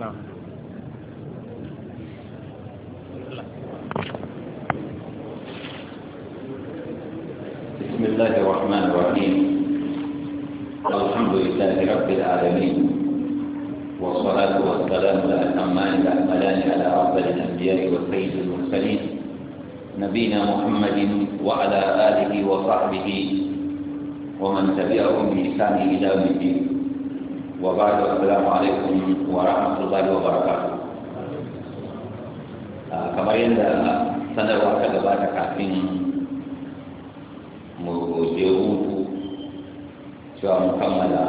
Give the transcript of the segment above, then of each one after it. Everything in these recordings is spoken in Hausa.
نعم بسم الله الرحمن الرحيم الحمد لله رب العالمين والصلاة والسلام على الأتمان الأكملان على رب الأنبياء والسيد المرسلين نبينا محمد وعلى آله وصحبه ومن تبعهم بإحسان إلى يوم الدين وبعد السلام عليكم ورحمة الله وبركاته kamar yadda sanarwa ta gabata kafin mu je hutu cewa mu kammala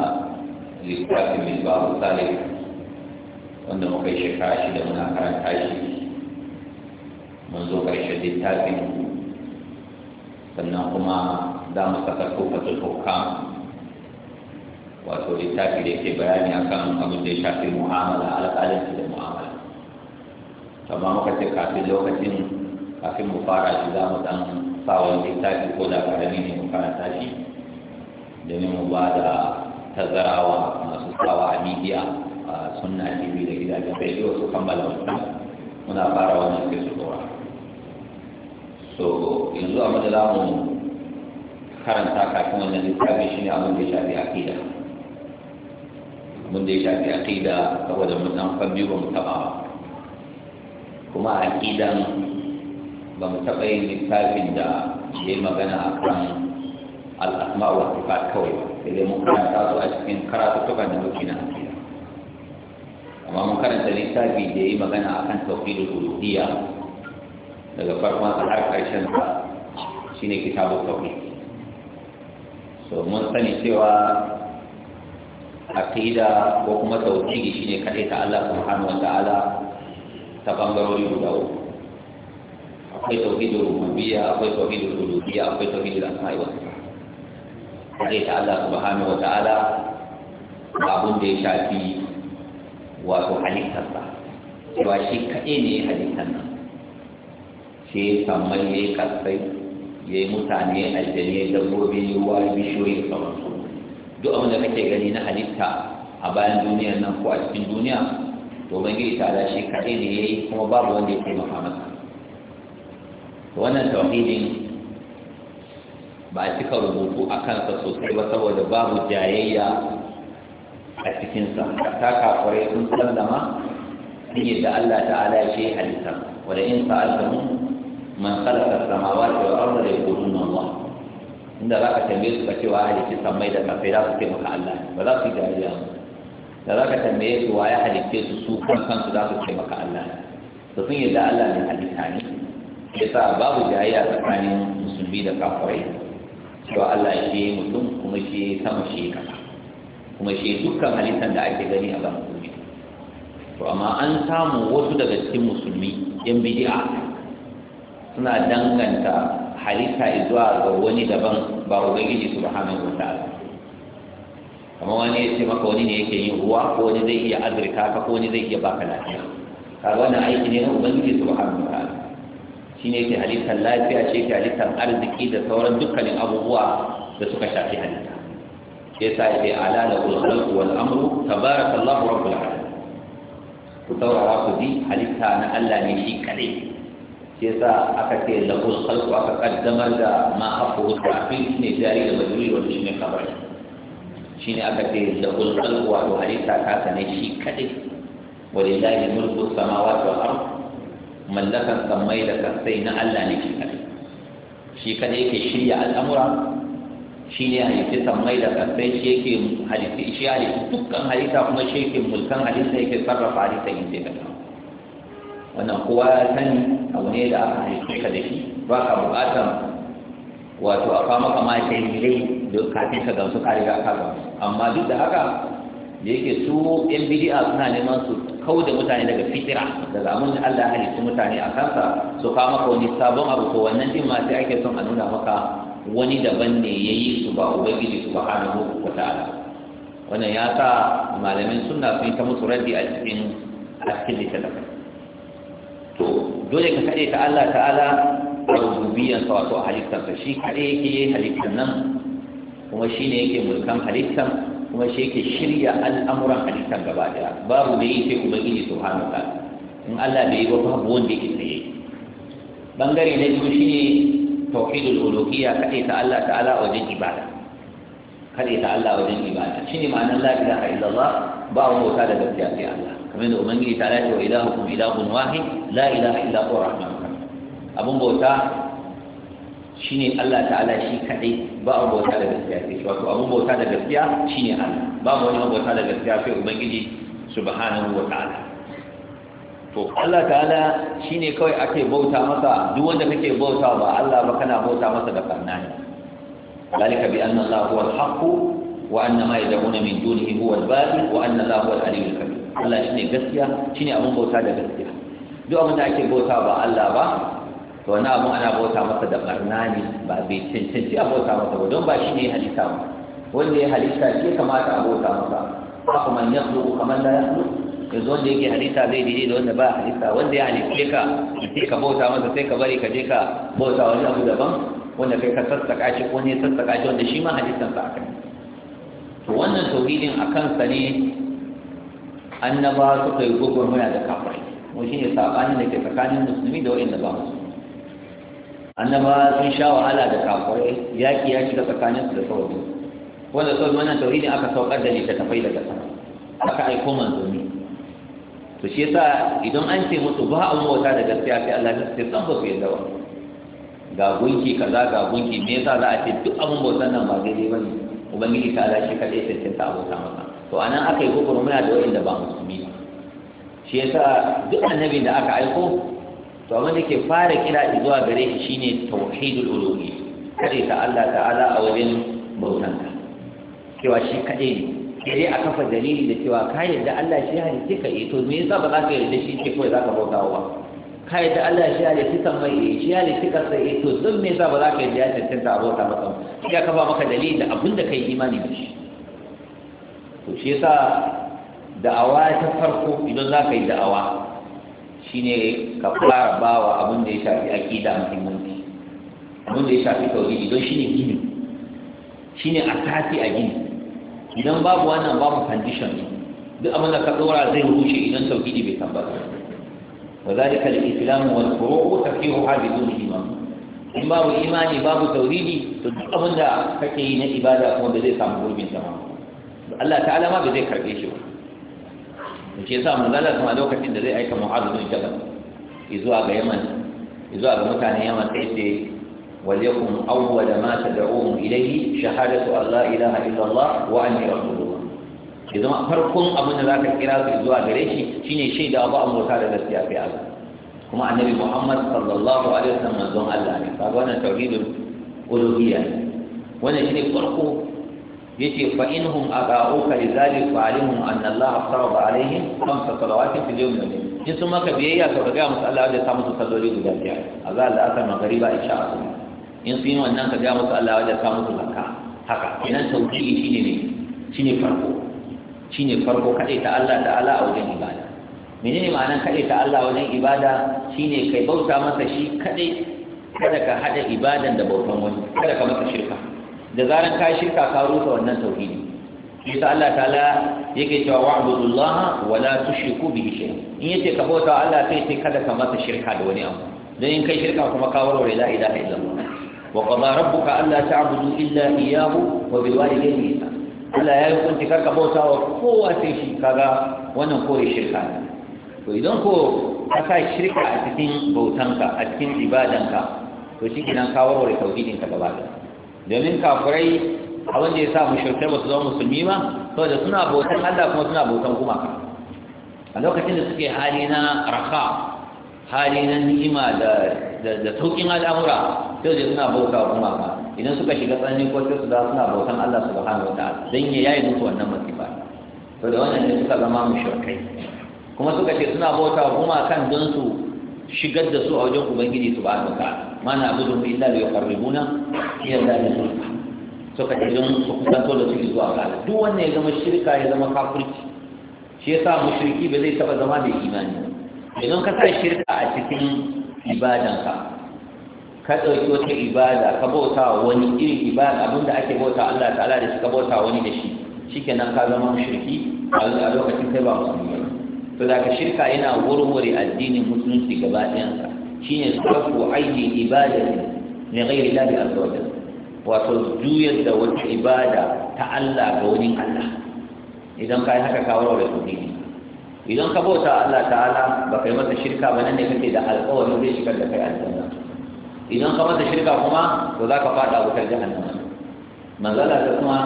littafin mai babu tsari wanda muka yi shekara shida muna karanta shi mun zo ƙarshen littafin sannan kuma za mu saka tofatul hukam wato littafi da yake bayani akan abin da ya shafi mu'amala alƙalanci da mu'amala amma muka ce kafin lokacin kafin mu fara shi za mu dan sa wani littafi ko da karami ne mu karanta shi domin mu ba da tazarawa masu sawa a midiya a sunna tv da gidajen rediyo su kammala wannan muna fara wannan ke su kowa so yanzu a da mu karanta kafin wannan littafi shine abin da ya shafi aƙida mun da ya shafi aqida saboda mun san ba mu taba kuma aqidan ba mu taba yin littafin da ya magana a al-asma wa sifat kawai sai dai mun karanta su a cikin kan da muke na aqida amma mun karanta littafi da ya magana a akan da uluhiyya daga farkon har karshen sa shine kitabut tauhid so mun sani cewa aqida ko kuma tauhidi shine kadai ta Allah subhanahu wa ta'ala ta bangarori guda uku akwai tauhidul rububiyya akwai tauhidul uluhiyya akwai tauhidul asma'i wa sifat kadai ta Allah subhanahu wa ta'ala abun da ya shafi wato halittar ba cewa shi kadai ne halittar nan shi sammai ne kasai ya yi mutane aljane dabbobi ruwa bishiyoyi su duk abin da kake gani na halitta a bayan duniyar nan ko a cikin duniya to ubangiji ta shi kaɗai ne ya yi kuma babu wanda ya taimaka masa wannan tauhidin ba a cika rubutu a kansa sosai ba saboda babu jayayya a cikinsa ta kafarai sun sallama ne da Allah ta'ala ya ce halitta wadda in sa'alta mu man samawa samawati wal arda la yaquluna Allah inda za ka tambaye su ka cewa halitta sammai da kafai za su ce maka Allah ba za su yi dariya da za ka tambaye su waye halicce su su kan kansu za su ce maka Allah da sun yadda Allah ne halitta ne ya sa babu jayayya tsakanin musulmi da kafirai cewa Allah shi mutum kuma shi sama shi kasa kuma shi dukkan halittar da ake gani a ban duniya to amma an samu wasu daga cikin musulmi yan bid'a suna danganta halitta zuwa ga wani daban ba ubangiji subhanahu wa ta'ala kamar wani ya ce maka wani ne yake yin ruwa ko wani zai iya azurka ka ko wani zai iya baka lafiya ka wannan aiki ne na ubangiji subhanahu wa ta'ala shine yake halittar lafiya ce yake halittar arziki da sauran dukkanin abubuwa da suka shafi halitta sai sa yake ala da kulkul wal amru tabarakallahu rabbul alamin ku saurara ku ji halitta na Allah ne shi kadai ke sa aka ce lahul khalqu aka kaddamar da ma hafu ta'fil ne jari da majruri wanda shine khabar shine aka ce lahul khalqu wato halitta ta ne shi kadai walillahi mulku samawati wal ard mallakan samai da kasai na Allah ne shi kadai shi kadai yake shirya al'amura shi ne halitti samai da kasai shi yake halitti shi halitti dukkan halitta kuma shi yake mulkan halitta yake sarrafa halitta in sai kadai wannan kowa ya sani abu ne da aka haife ka da shi ba ka buƙatar wato a fama kama da da kafin ka gamsu ka riga ka gamsu amma duk da haka da yake su yan bidi'a suna neman su kau da mutane daga fitira da zamun da Allah halittu mutane a kansa su kama ka wani sabon abu ko wannan din ma sai ake son a nuna maka wani daban ne ya yi su ba ubangiji su ba hannu ko ta'ala wannan ya sa malamin sunna sun ta musu raddi a cikin a cikin littattafai to dole ka kade ta Allah ta'ala a rububiyan sa wato halittar sa shi kare yake yi halittar nan kuma shi ne yake mulkan halittar kuma shi yake shirya al'amuran halittar gaba daya babu da yi sai kuma gini su wa ta'ala in Allah bai yi ba babu wanda yake tsaye bangare na biyu shi ne tauhidul uluhiyya kade ta Allah ta'ala wajen ibada kade ta Allah wajen ibada ne ma'anar la ilaha illallah ba wani wata da gaskiya sai Allah kamar da ubangiji ta dace wa ilahukum ilahun wahid la ilaha illa huwa rahmanun abun bauta shine Allah ta'ala shi kadai ba abun bauta da gaskiya shi. wato abun bauta da gaskiya shine Allah ba wani bauta da gaskiya sai ubangiji subhanahu wa ta'ala to Allah ta'ala shine kawai ake bauta masa duk wanda kake bauta ba Allah ba kana bauta masa da karna ne ذلك بأن الله هو الحق وأن ما يدعون من دونه هو الباطل وأن الله هو العلي الكبير Allah shine gaskiya shine abin bauta da gaskiya duk abin da ake bauta ba Allah ba to wani abin ana bauta masa da barna ne ba bai cancanci a bauta masa ba don ba shi ne halitta ba wanda ya halitta ke kamata a bauta masa haka man ya zo kamar da ya zo yanzu wanda yake halitta zai daidai da wanda ba halitta wanda ya halitta ka sai ka bauta masa sai ka bari ka je ka bauta wani abu daban wanda kai ka sassaka shi ko ne sassaka shi wanda shi ma halittan sa akai to wannan tauhidin a kansa ne annaba suka yi gwagwarmaya da kafirai mu shine sabanin da ke tsakanin musulmi da da ba musulmi annaba sun sha wahala da kafirai yaki ya shiga tsakanin su da sauri wanda sauri wannan tauhidi aka saukar da ni ta tafai daga sama aka aiko manzanni to shi yasa idan an ce musu ba a mota da gaskiya sai Allah ya ce san ba ku yadda ba ga gunki kaza ga gunki me yasa za a ce duk abin bautan nan ba daidai ba ne ubangiji ta Allah shi kaɗai sai ta abota masa to a nan aka yi muna da wa'inda ba musulmi ba shi ya yasa duk annabin da aka aiko to abin da ke fara kira zuwa gare shi shine tauhidul uluhi kade ta Allah ta'ala a wajen bautan ka cewa shi kade ne sai a kafa dalili da cewa ka yarda Allah shi halitta ka yi eh to me yasa ba za ka yarda shi ke kawai za ka bauta wa ka yarda Allah shi halitta kan mai yi eh shi halitta ka sai yi to don me yasa ba za ka yarda ya tantance abota maka sai ya kafa maka dalili da abin da kai imani da shi to shi yasa da'awa ta farko idan za ka yi da'awa shi ne ka fara bawa abin da ya shafi aqida muhimmanci abin da ya shafi idan don ne gini shi ne a a gini idan babu wannan babu condition duk abin da ka ɗora zai rushe idan tauhidi bai tabbata babu imani babu tauridi, to duk abin da kake yi na ibada kuma da zai samu gurbin تماما Allah ta'ala ma ba zai karbe shi ba da shi yasa manzo Allah kuma lokacin da zai aika Mu'adh bin Jabal zuwa ga Yaman izuwa ga mutanen Yaman sai ce waliyakum awwala ma tad'uhum ilayhi shahadatu an la ilaha illa Allah wa anni rasulullah ya zama farkon abin da zaka kira su zuwa gare shi shine shaida ba an bauta da gaskiya kai Allah kuma annabi Muhammad sallallahu alaihi wasallam manzon Allah ne kaga wannan tauhidul uluhiyya wannan shine farko yace fa inhum aba'uka lidhalik fa alimhum anna Allah farada alaihim khamsa salawatin fil yawm wal layl in sun maka biyayya to ga musu Allah wajen samu musu salloli guda biyar azza Allah aka magariba isha asuba in sun yi wannan ka ga musu Allah wajen samu musu zakka haka idan tauhidi shine ne shine farko shine farko kadai ta Allah da ala a wajen ibada menene ma'anar kaɗai ta Allah wajen ibada shine kai bauta masa shi kaɗai kada ka haɗa ibadan da bautan wani kada ka masa shirka da zaran ka shirka ka rusa wannan tauhidi shi sa Allah ta'ala yake cewa wa'budullaha wa la tushriku bihi shay'a in yace ka bauta Allah sai sai kada ka masa shirka da wani abu dan in kai shirka kuma ka warware la ilaha illallah wa qada rabbuka alla ta'budu illa iyyahu wa bil walidayni ihsana Allah ya hukunci karka bauta wa kowa sai shi kaga wannan koyi shirka to idan ko ka shirka a cikin bautanka a cikin ibadanka to shi kenan ka warware tauhidinka gaba ɗaya domin kafirai abin da ya sa mushrikai ba su zama musulmi ba saboda suna bautan Allah kuma suna bautan kuma a lokacin da suke hali na raka hali na ni'ima da da saukin al'amura to da suna bauta ba idan suka shiga tsanani ko su da suna bautan Allah subhanahu wataala dan ya yayi musu wannan masifa to da wannan ne suka zama mushrikai kuma suka ce suna bauta kan don su shigar da su a wajen ubangiji su ba su ka mana abudu bi illa bi yuqarribuna ila dalil sulfa so ka idan su kusanto da suke zuwa ga duk wannan ya zama shirka ya zama kafirci shi ya yasa mushriki ba zai taɓa zama da imani idan ka sa shirka a cikin ibadanka ka ɗauki wata ibada ka bauta wani irin ibada abinda ake bauta Allah ta'ala da shi ka bauta wani da shi shikenan ka zama mushriki a lokacin kai ba musulmi ba to daga shirka yana warware addinin musulunci gaba ɗayansa shine sarfu aiki ibadati ne ghairi lahi azza wajal wato juyar da wata ibada ta Allah ga wani Allah idan ka yi haka ka warware tauhidi idan ka bauta Allah ta'ala ba yi masa shirka ba nan ne kake da alƙawarin zai shigar da kai aljanna idan ka masa shirka kuma to za ka fada wutar jahannama manzala ta kuma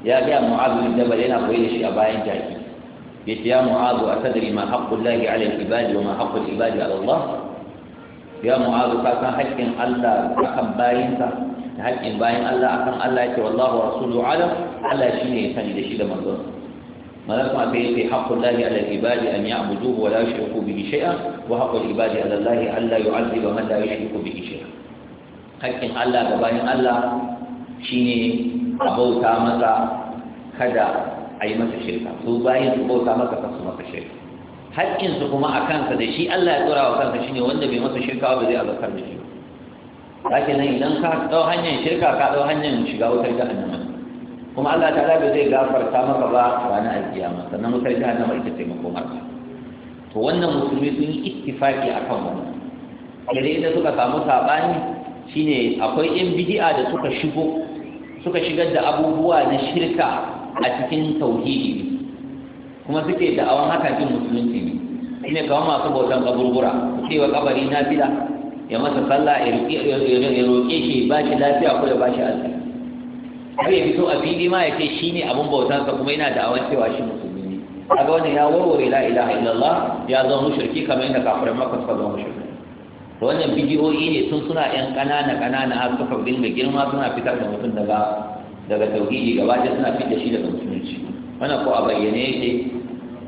ya ga mu'adh bin jabal yana koyi da shi a bayan jaki yace ya mu'azu ma haqqullahi 'ala al-ibadi ma haqqul ibadi Allah ya mu'azu ka san haƙƙin Allah akan bayinsa da haƙƙin bayin Allah akan Allah wallahu wa rasuluhu alam Allah shine ya sani da shi da manzon malaka bai yake haqqullahi 'ala al-ibadi an ya'buduhu wa la yushriku bihi shay'a wa haqqul ibadi 'ala Allah alla yu'adhiba man la yushriku bihi shay'a haƙƙin Allah shine a bauta masa kada a yi masa shirka su bayan su bauta masa kansu masa shirka haƙƙinsu kuma a kansa da shi Allah ya tsora wa kansa shine wanda bai masa shirka ba zai azabtar da shi ba. ke nan idan ka ɗau hanyar shirka ka ɗau hanyar shiga wutar jahannama kuma Allah ta zaɓe zai gafarta maka ba ranar alkiyama sannan wutar jahannama ita ce makomarka to wannan musulmi sun yi ittifaki akan wannan sai da suka samu saɓani shine akwai yan bidi'a da suka shigo suka shigar da abubuwa na shirka a cikin tauhidi kuma suke da'awan haka jin musulunci ne ne kawo masu bautan kaburbura ce wa kabari na fila ya masa sallah ya roƙe shi ba shi lafiya ko ya ba shi alƙa har ya fito a fili ma ya ce shi ne abin bautansa kuma yana da'awan cewa shi musulmi ne ga wannan ya warware la ilaha illallah ya zama mushriki kamar yadda kafirin maka suka zama mushriki wannan bidiyoyi ne sun suna yan ƙanana ƙanana har suka dinga girma suna fitar da mutum daga daga tauhidi gaba da suna da shi daga musulunci wannan ko a bayyane yake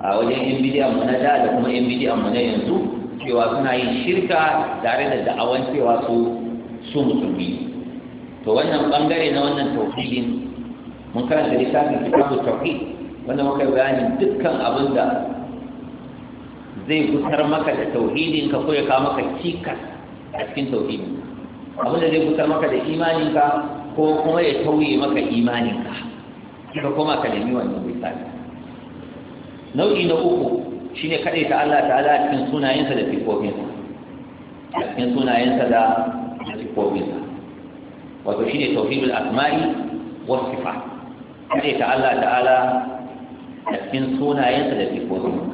a wajen yan bidiyan mu na da da kuma yan bidiyan mu na yanzu cewa suna yin shirka tare da da'awan cewa su su musulmi to wannan bangare na wannan tauhidin mun karanta littafin kitabu tauhid wanda muka yi bayanin dukkan abin da zai kusar maka da tauhidin ka ko ya kawo maka cikas a cikin tauhidin abin da zai kusar maka da imaninka ko kuma ya tauye maka imaninka ka kuma ka nemi wannan misali nau'i na uku shine kadai ta Allah ta'ala a cikin sunayensa da sifofinsa a cikin sunayensa da sifofinsa wato shine tauhidul asma'i was sifat kadai ta Allah ta'ala a cikin sunayensa da sifofinsa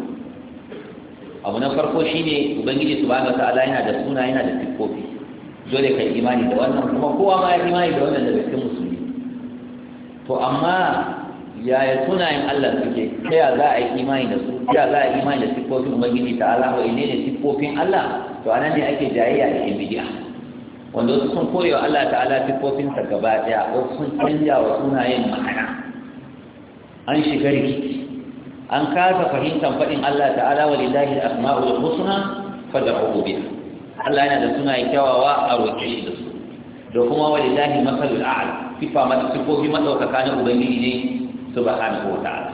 abu na farko shine ubangiji subhanahu wa ta'ala yana da suna yana da sifofi dole ka yi imani da wannan kuma kowa ma ya imani da wannan daga cikin musulmi to amma ya yaya sunayen Allah suke ta ya za a yi imani da su ta ya za a yi imani da siffofin ubangiji ta Allah wa ne da siffofin Allah to anan ne ake jayayya da yan bidiya wanda wasu sun koyewa Allah ta'ala sa gaba daya wasu sun canja wa sunayen ma'ana an shiga rikici an kasa fahimtar faɗin Allah ta'ala wa lillahi al-asma'ul husna fad'uhu biha Allah yana da sunaye kyawawa a roƙe shi da su da kuma walillahi masalul a'la sifa mata sifofi madaukaka na ubangiji ne subhanahu wa ta'ala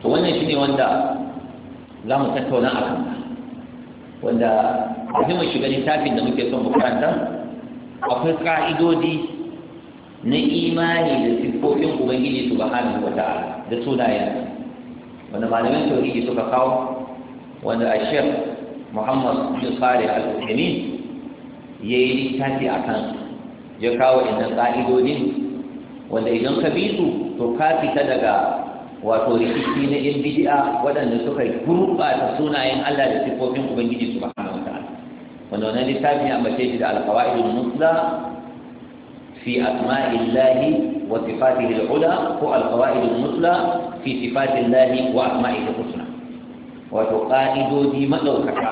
to wannan shine wanda za mu tattauna a kan wanda kafin mu shiga littafin da muke son mu akwai ka'idodi na imani da siffofin ubangiji subhanahu wa ta'ala da sunayen wanda malamin tauhidi suka kawo wanda a shekh muhammad bin salih al-uthaymin ya yi littafi a kan ya kawo innan ƙa'idodin wanda idan ka bi su to ka fita daga wato rikici na yan bidi'a waɗanda suka gurɓata sunayen Allah da Sifofin Ubangiji su ba hana wata wanda wannan littafi ya ambace shi da alƙawa'idun musla fi asma'illahi wa sifatihi al-ula ko alƙawa'idun musla fi sifatillahi wa asma'ihi al wato ƙa'idodi maɗaukaka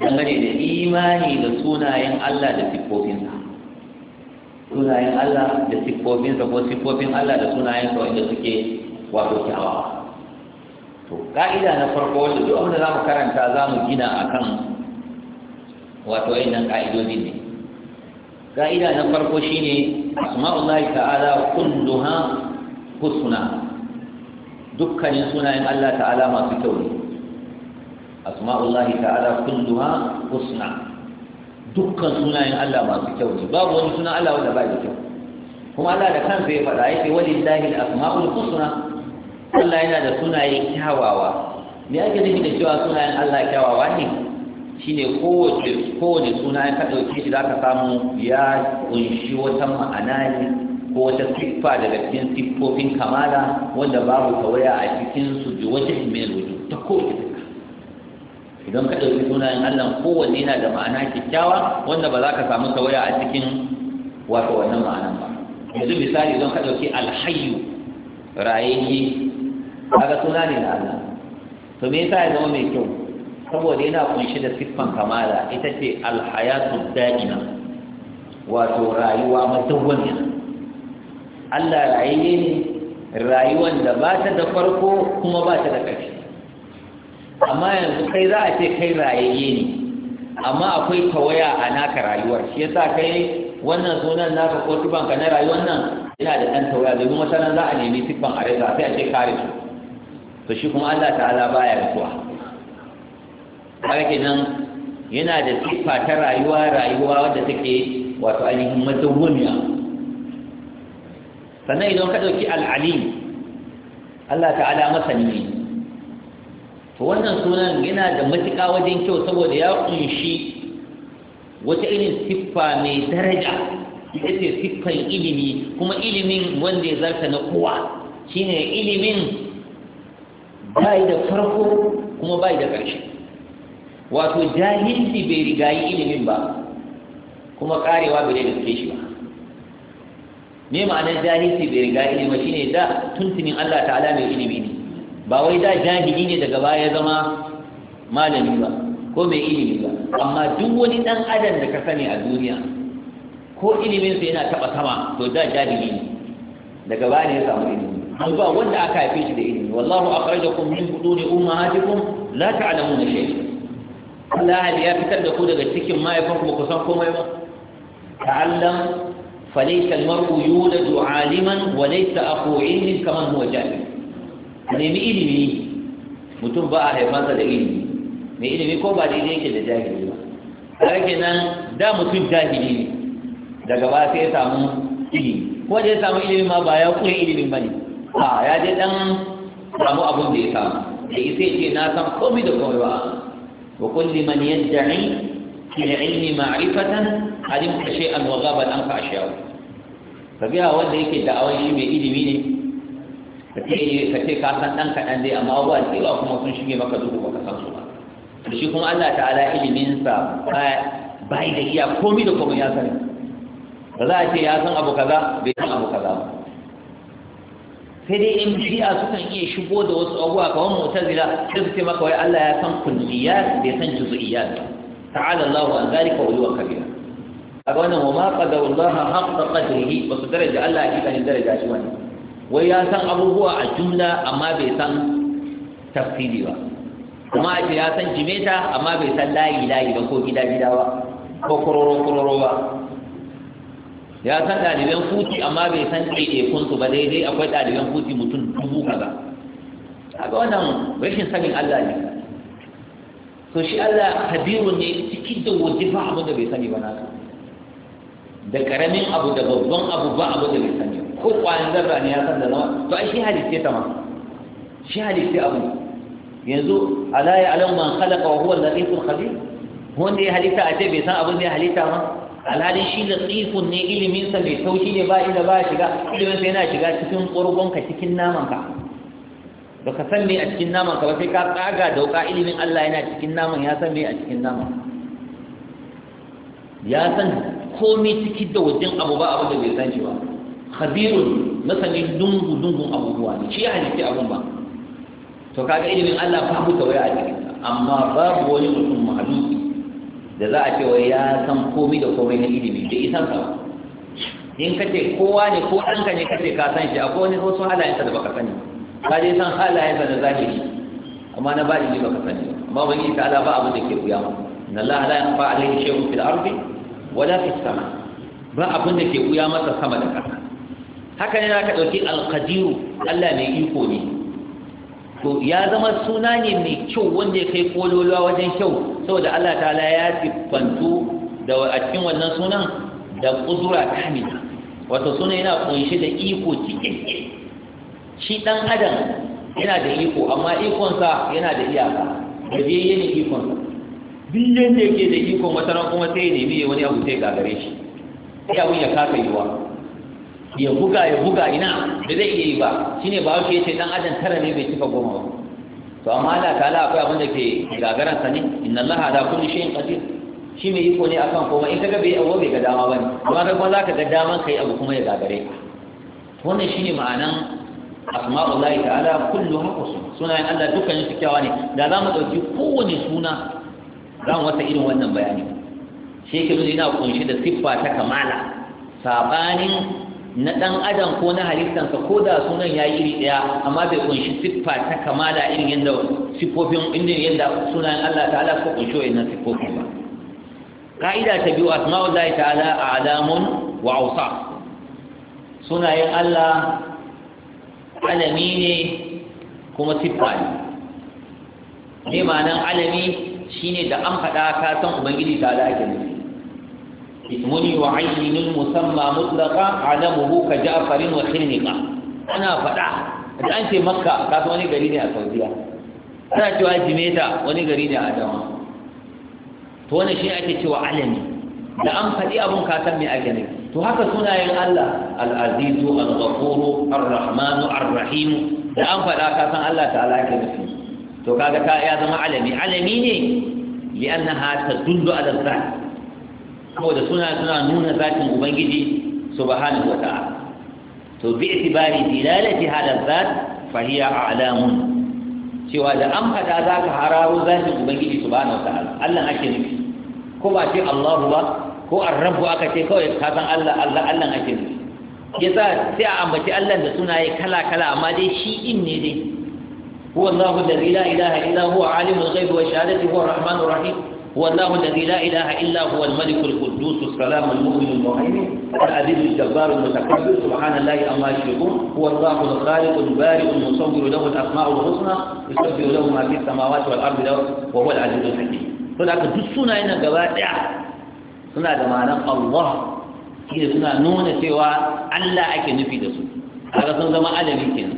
dangane da imani da sunayen Allah da siffofinsa sunayen Allah da siffofinsa ko siffofin Allah da sunayen sa wanda suke wato kyawawa to ka'ida na farko wanda duk abin zamu karanta zamu gina akan wato wayannan ka'idodi ne ka'ida na farko shine asma'ullahi ta'ala kulluha husna dukkanin sunayen Allah ta'ala masu kyau ne asma'ullahi ta'ala kulluha husna dukkan sunayen Allah masu kyau ne babu wani sunan Allah wanda bai da kyau kuma Allah da kansa ya faɗa yake walillahi al-asma'ul husna Allah yana da sunaye kyawawa me ake nufi da cewa sunayen Allah kyawawa ne shine kowace kowane suna ya ɗauke shi za ka samu ya kunshi wata ma'ana ne ko wata siffa daga cikin siffofin kamala wanda babu kawaya a cikin su bi wata imel wuju ta kowace idan ka ɗauki sunayen Allah kowanne yana da ma'ana kyakkyawa wanda ba za ka samu tawaya a cikin wato wannan ma'anan ba yanzu misali idan ka ɗauki alhayu rayayye kaga suna ne na Allah to me yasa ya zama mai kyau saboda yana kunshi da siffan kamala ita ce alhayatu da'ina wato rayuwa madawwamiya Allah rayayye ne rayuwan da ba ta da farko kuma ba ta da ƙarshe amma yanzu kai za a ce kai rayayye ne amma akwai tawaya a naka rayuwar shi yasa kai wannan sunan naka ko tuban ka na rayuwar nan yana da ɗan tawaya domin wata nan za a nemi tuban a raiza sai a ce kare su to shi kuma Allah ta'ala baya rasuwa haka nan yana da siffa ta rayuwa rayuwa wadda take wato ainihin madawwamiya sannan idan ka ɗauki al'alim Allah ta'ala masani ne to wannan sunan yana da matuƙa wajen kyau saboda ya ƙunshi wata irin siffa mai daraja ita ce siffan ilimi kuma ilimin wanda ya zarta na kowa shine ilimin bai da farko kuma bai da ƙarshe wato jahilci bai riga yi ilimin ba kuma karewa bai da suke shi ba me ma'anar jahilci bai riga ilimi shine da tuntunin Allah ta'ala mai ilimi ne ba wai da jahili ne daga baya zama malami ba ko mai ilimi ba amma duk wani dan adam da ka sani a duniya ko iliminsa yana taba sama to da jahili ne daga baya ne ya samu ilimi an ba wanda aka haife shi da ilimi wallahu akhrajakum min buduni ummahatikum la ta'lamuna shay'a Allah ya fitar da ku daga cikin mahaifanku ba ku san komai ba ta'allam فليس المرء يولد عالما وليس أخو علم كمن هو جاهل a nemi ilimi mutum ba a haifansa da ilimi mai ilimi ko ba daidai yake da jahili ba har nan da mutum jahili ne daga ba sai ya samu ilimi ko da ya samu ilimi ma ba ya kure ilimin ba ne a ya je dan samu abun da ya samu da isa ce na san komai da komai ba wa kulli man yadda'i fi ilmi ma'rifatan alimta shay'an wa ghaba anka ashiyahu kabiya wanda yake da'awar shi mai ilimi ne ka ce ka ce ka san ɗan kaɗan dai amma abubuwa a yawa kuma sun shige maka duhu baka san su ba da shi kuma Allah ta'ala iliminsa sa bai da iya komai da komai ya sani ba za a ce ya san abu kaza bai san abu kaza ba sai dai in bid'a sukan iya shigo da wasu abubuwa kamar mu'tazila sai su ce maka wai Allah ya san kulliyat bai san juz'iyat ta'ala Allahu an zalika wa huwa A kaga wannan wa ma qadara Allah haqqa qadrihi wa daraja Allah hakika ne daraja shi wannan wai ya san abubuwa a jumla amma bai san tafsiri ba kuma a ce ya san jimeta amma bai san layi layi ba ko gida gida ba ko kororo kororo ba ya san ɗaliban futi amma bai san su ba daidai akwai ɗaliban futi mutum dubu kaza ga wannan rashin sanin Allah ne so shi Allah kabiru ne cikin da wajifa abu da bai sani ba na da karamin abu da babban abu ba abu da bai sani ba ko kwayan zarra ne ya san da zama to ai shi halitta ta ma shi halitta abu yanzu ala ya alam man khalaqa wa huwa al-latiful khabir wanda ya halitta a ce bai san abin da ya halitta ma alhalin shi latifun ne ilimin sa mai taushi ne ba inda ba shiga ilimin sa yana shiga cikin kurgonka cikin namanka ba ka san me a cikin namanka ba sai ka tsaga da wuka ilimin Allah yana cikin naman ya san me a cikin naman ya san komai ciki da wajen abu ba abu da bai san shi ba khabirun masanin dungu dungun abubuwa ne shi ya halitta abun ba to kaga ilimin Allah babu tawaya a cikin amma babu wani mutum mahaluki da za a ce wai ya san komai da komai na ilimi da isan sa in ka ce kowa ne ko ɗanka ne ka ce ka san shi akwai wani wasu halayensa da baka sani ka je san halayensa da zahiri amma na baɗi ne baka sani amma wani ita ala ba abin da ke wuya ma na la la yanfa alaihi shay'un fil ardi wala fis sama ba abin da ke wuya masa sama da ƙasa haka ne ka ɗauki alƙadiru Allah mai iko ne to ya zama suna ne mai kyau wanda ya kai kololuwa wajen kyau saboda Allah ta'ala ya siffantu da a cikin wannan sunan da kudura kamila wato sunan yana kunshi da iko cike-cike. shi dan adam yana da iko amma ikonsa yana da iyaka da biyayye ne ikonsa biyayye ne ke da iko wata ran kuma sai ya nemi wani abu sai gagare shi ya wuya ya kasa yiwa ya buga ya buga ina da zai iya yi ba shine ba wuce ce dan adam tara ne bai cika goma ba to amma Allah ta'ala akwai abin da ke gagaran sa ne inna Allah ala kulli shay'in qadir shi ne iko ne akan komai in kaga bai abu bai ga dama bane amma kai kuma zaka ga daman kai abu kuma ya gagare ka wannan shine ma'anan asma'ullahi ta'ala kulluha husn sunayen Allah dukkanin su kyawa ne da za mu ɗauki kowane suna za mu wata irin wannan bayani shi yake nuna yana kunshi da siffa ta kamala saɓanin na ɗan adam ko na halittansa ko da sunan ya yi iri ɗaya amma bai kunshi siffa ta kamala irin yadda siffofin inda yadda sunan Allah ta'ala ko kunshi wa'annan siffofin ba ka'ida ta biyu asma'u zai ta'ala a alamun wa ausa sunayen Allah alami ne kuma siffa ne ne ma'anan alami shine da an faɗa ka san ubangiji ta'ala ake nufi ismuni wa ayyinin musamma mutlaka alamuhu ka ja'farin wa khirnika ana fada. da an ce makka ka wani gari ne a saudiya ana cewa jimeta wani gari ne a adama to wani shi ake cewa alami da an faɗi abun ka san me ake ne to haka sunayen Allah al-azizu al-ghafuru ar-rahmanu ar-rahim da an faɗa ka san Allah ta'ala yake nufi to kaga ka ya zama alami alami ne li'annaha tadullu ala zat saboda suna suna nuna zatin ubangiji subhanahu wa ta'ala to bi itibari dilalati hada zat fa hiya a'lamun cewa da an fada za ka hararo zatin ubangiji subhanahu wa ta'ala Allah ake nufi ko ba ce Allahu ba ko ar-rabbu aka ce kawai ka san Allah Allah Allah ake nufi yasa sai a ambaci Allah da sunaye kala kala amma dai shi din ne dai huwa Allahu alladhi la ilaha illa huwa alimul ghaibi wa shahadati huwa ar-rahmanur rahim هو الله الذي لا إله إلا هو الملك القدوس السلام المؤمن المهيمن العزيز الجبار المتكبر سبحان الله أما يشركون هو الله الخالق البارئ المصور له الأسماء الحسنى يسبح له ما في السماوات والأرض له وهو العزيز الحكيم فلك دسنا هنا جوادع سنة دمانا الله كده سنة نون سوى الله أكي نفي دسو هذا سنة ما أدمي كنا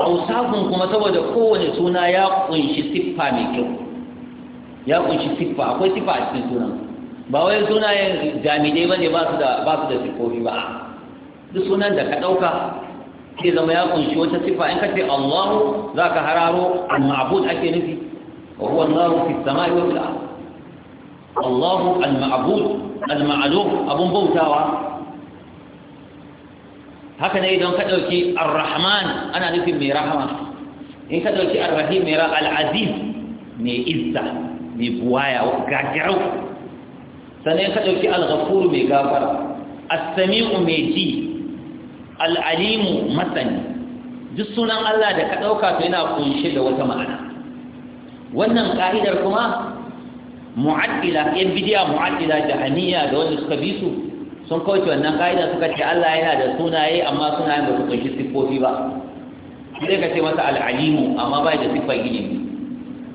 أوصافهم كما سوى دقوة سنة يقوي شسفة من كيو ya kunshi siffa akwai siffa a cikin sunan ba wai sunayen jami'ai bane ba su da ba su da sifofi ba duk sunan da ka dauka sai zama ya kunshi wata siffa in ka ce Allah zaka hararo al-ma'bud ake nufi wa huwa Allah fi samai wa fil ard al-ma'bud al-ma'luf abun bautawa haka ne idan ka dauki ar-rahman ana nufin mai rahama in ka dauki ar-rahim mai ra al-aziz mai izza mai buwaya gagarau sannan ka ɗauki alghafuru mai gafar? as-sami'u mai ji al masani duk sunan Allah da ka ɗauka to yana kunshe da wata ma'ana wannan ka'idar kuma mu'addila yan bidiya mu'addila jahaniya da wanda suka bi su sun kauce wannan ka'ida suka ce Allah yana da sunaye amma sunayen ba su kunshi siffofi ba sai ka ce masa al'alimu amma ba da siffar ilimi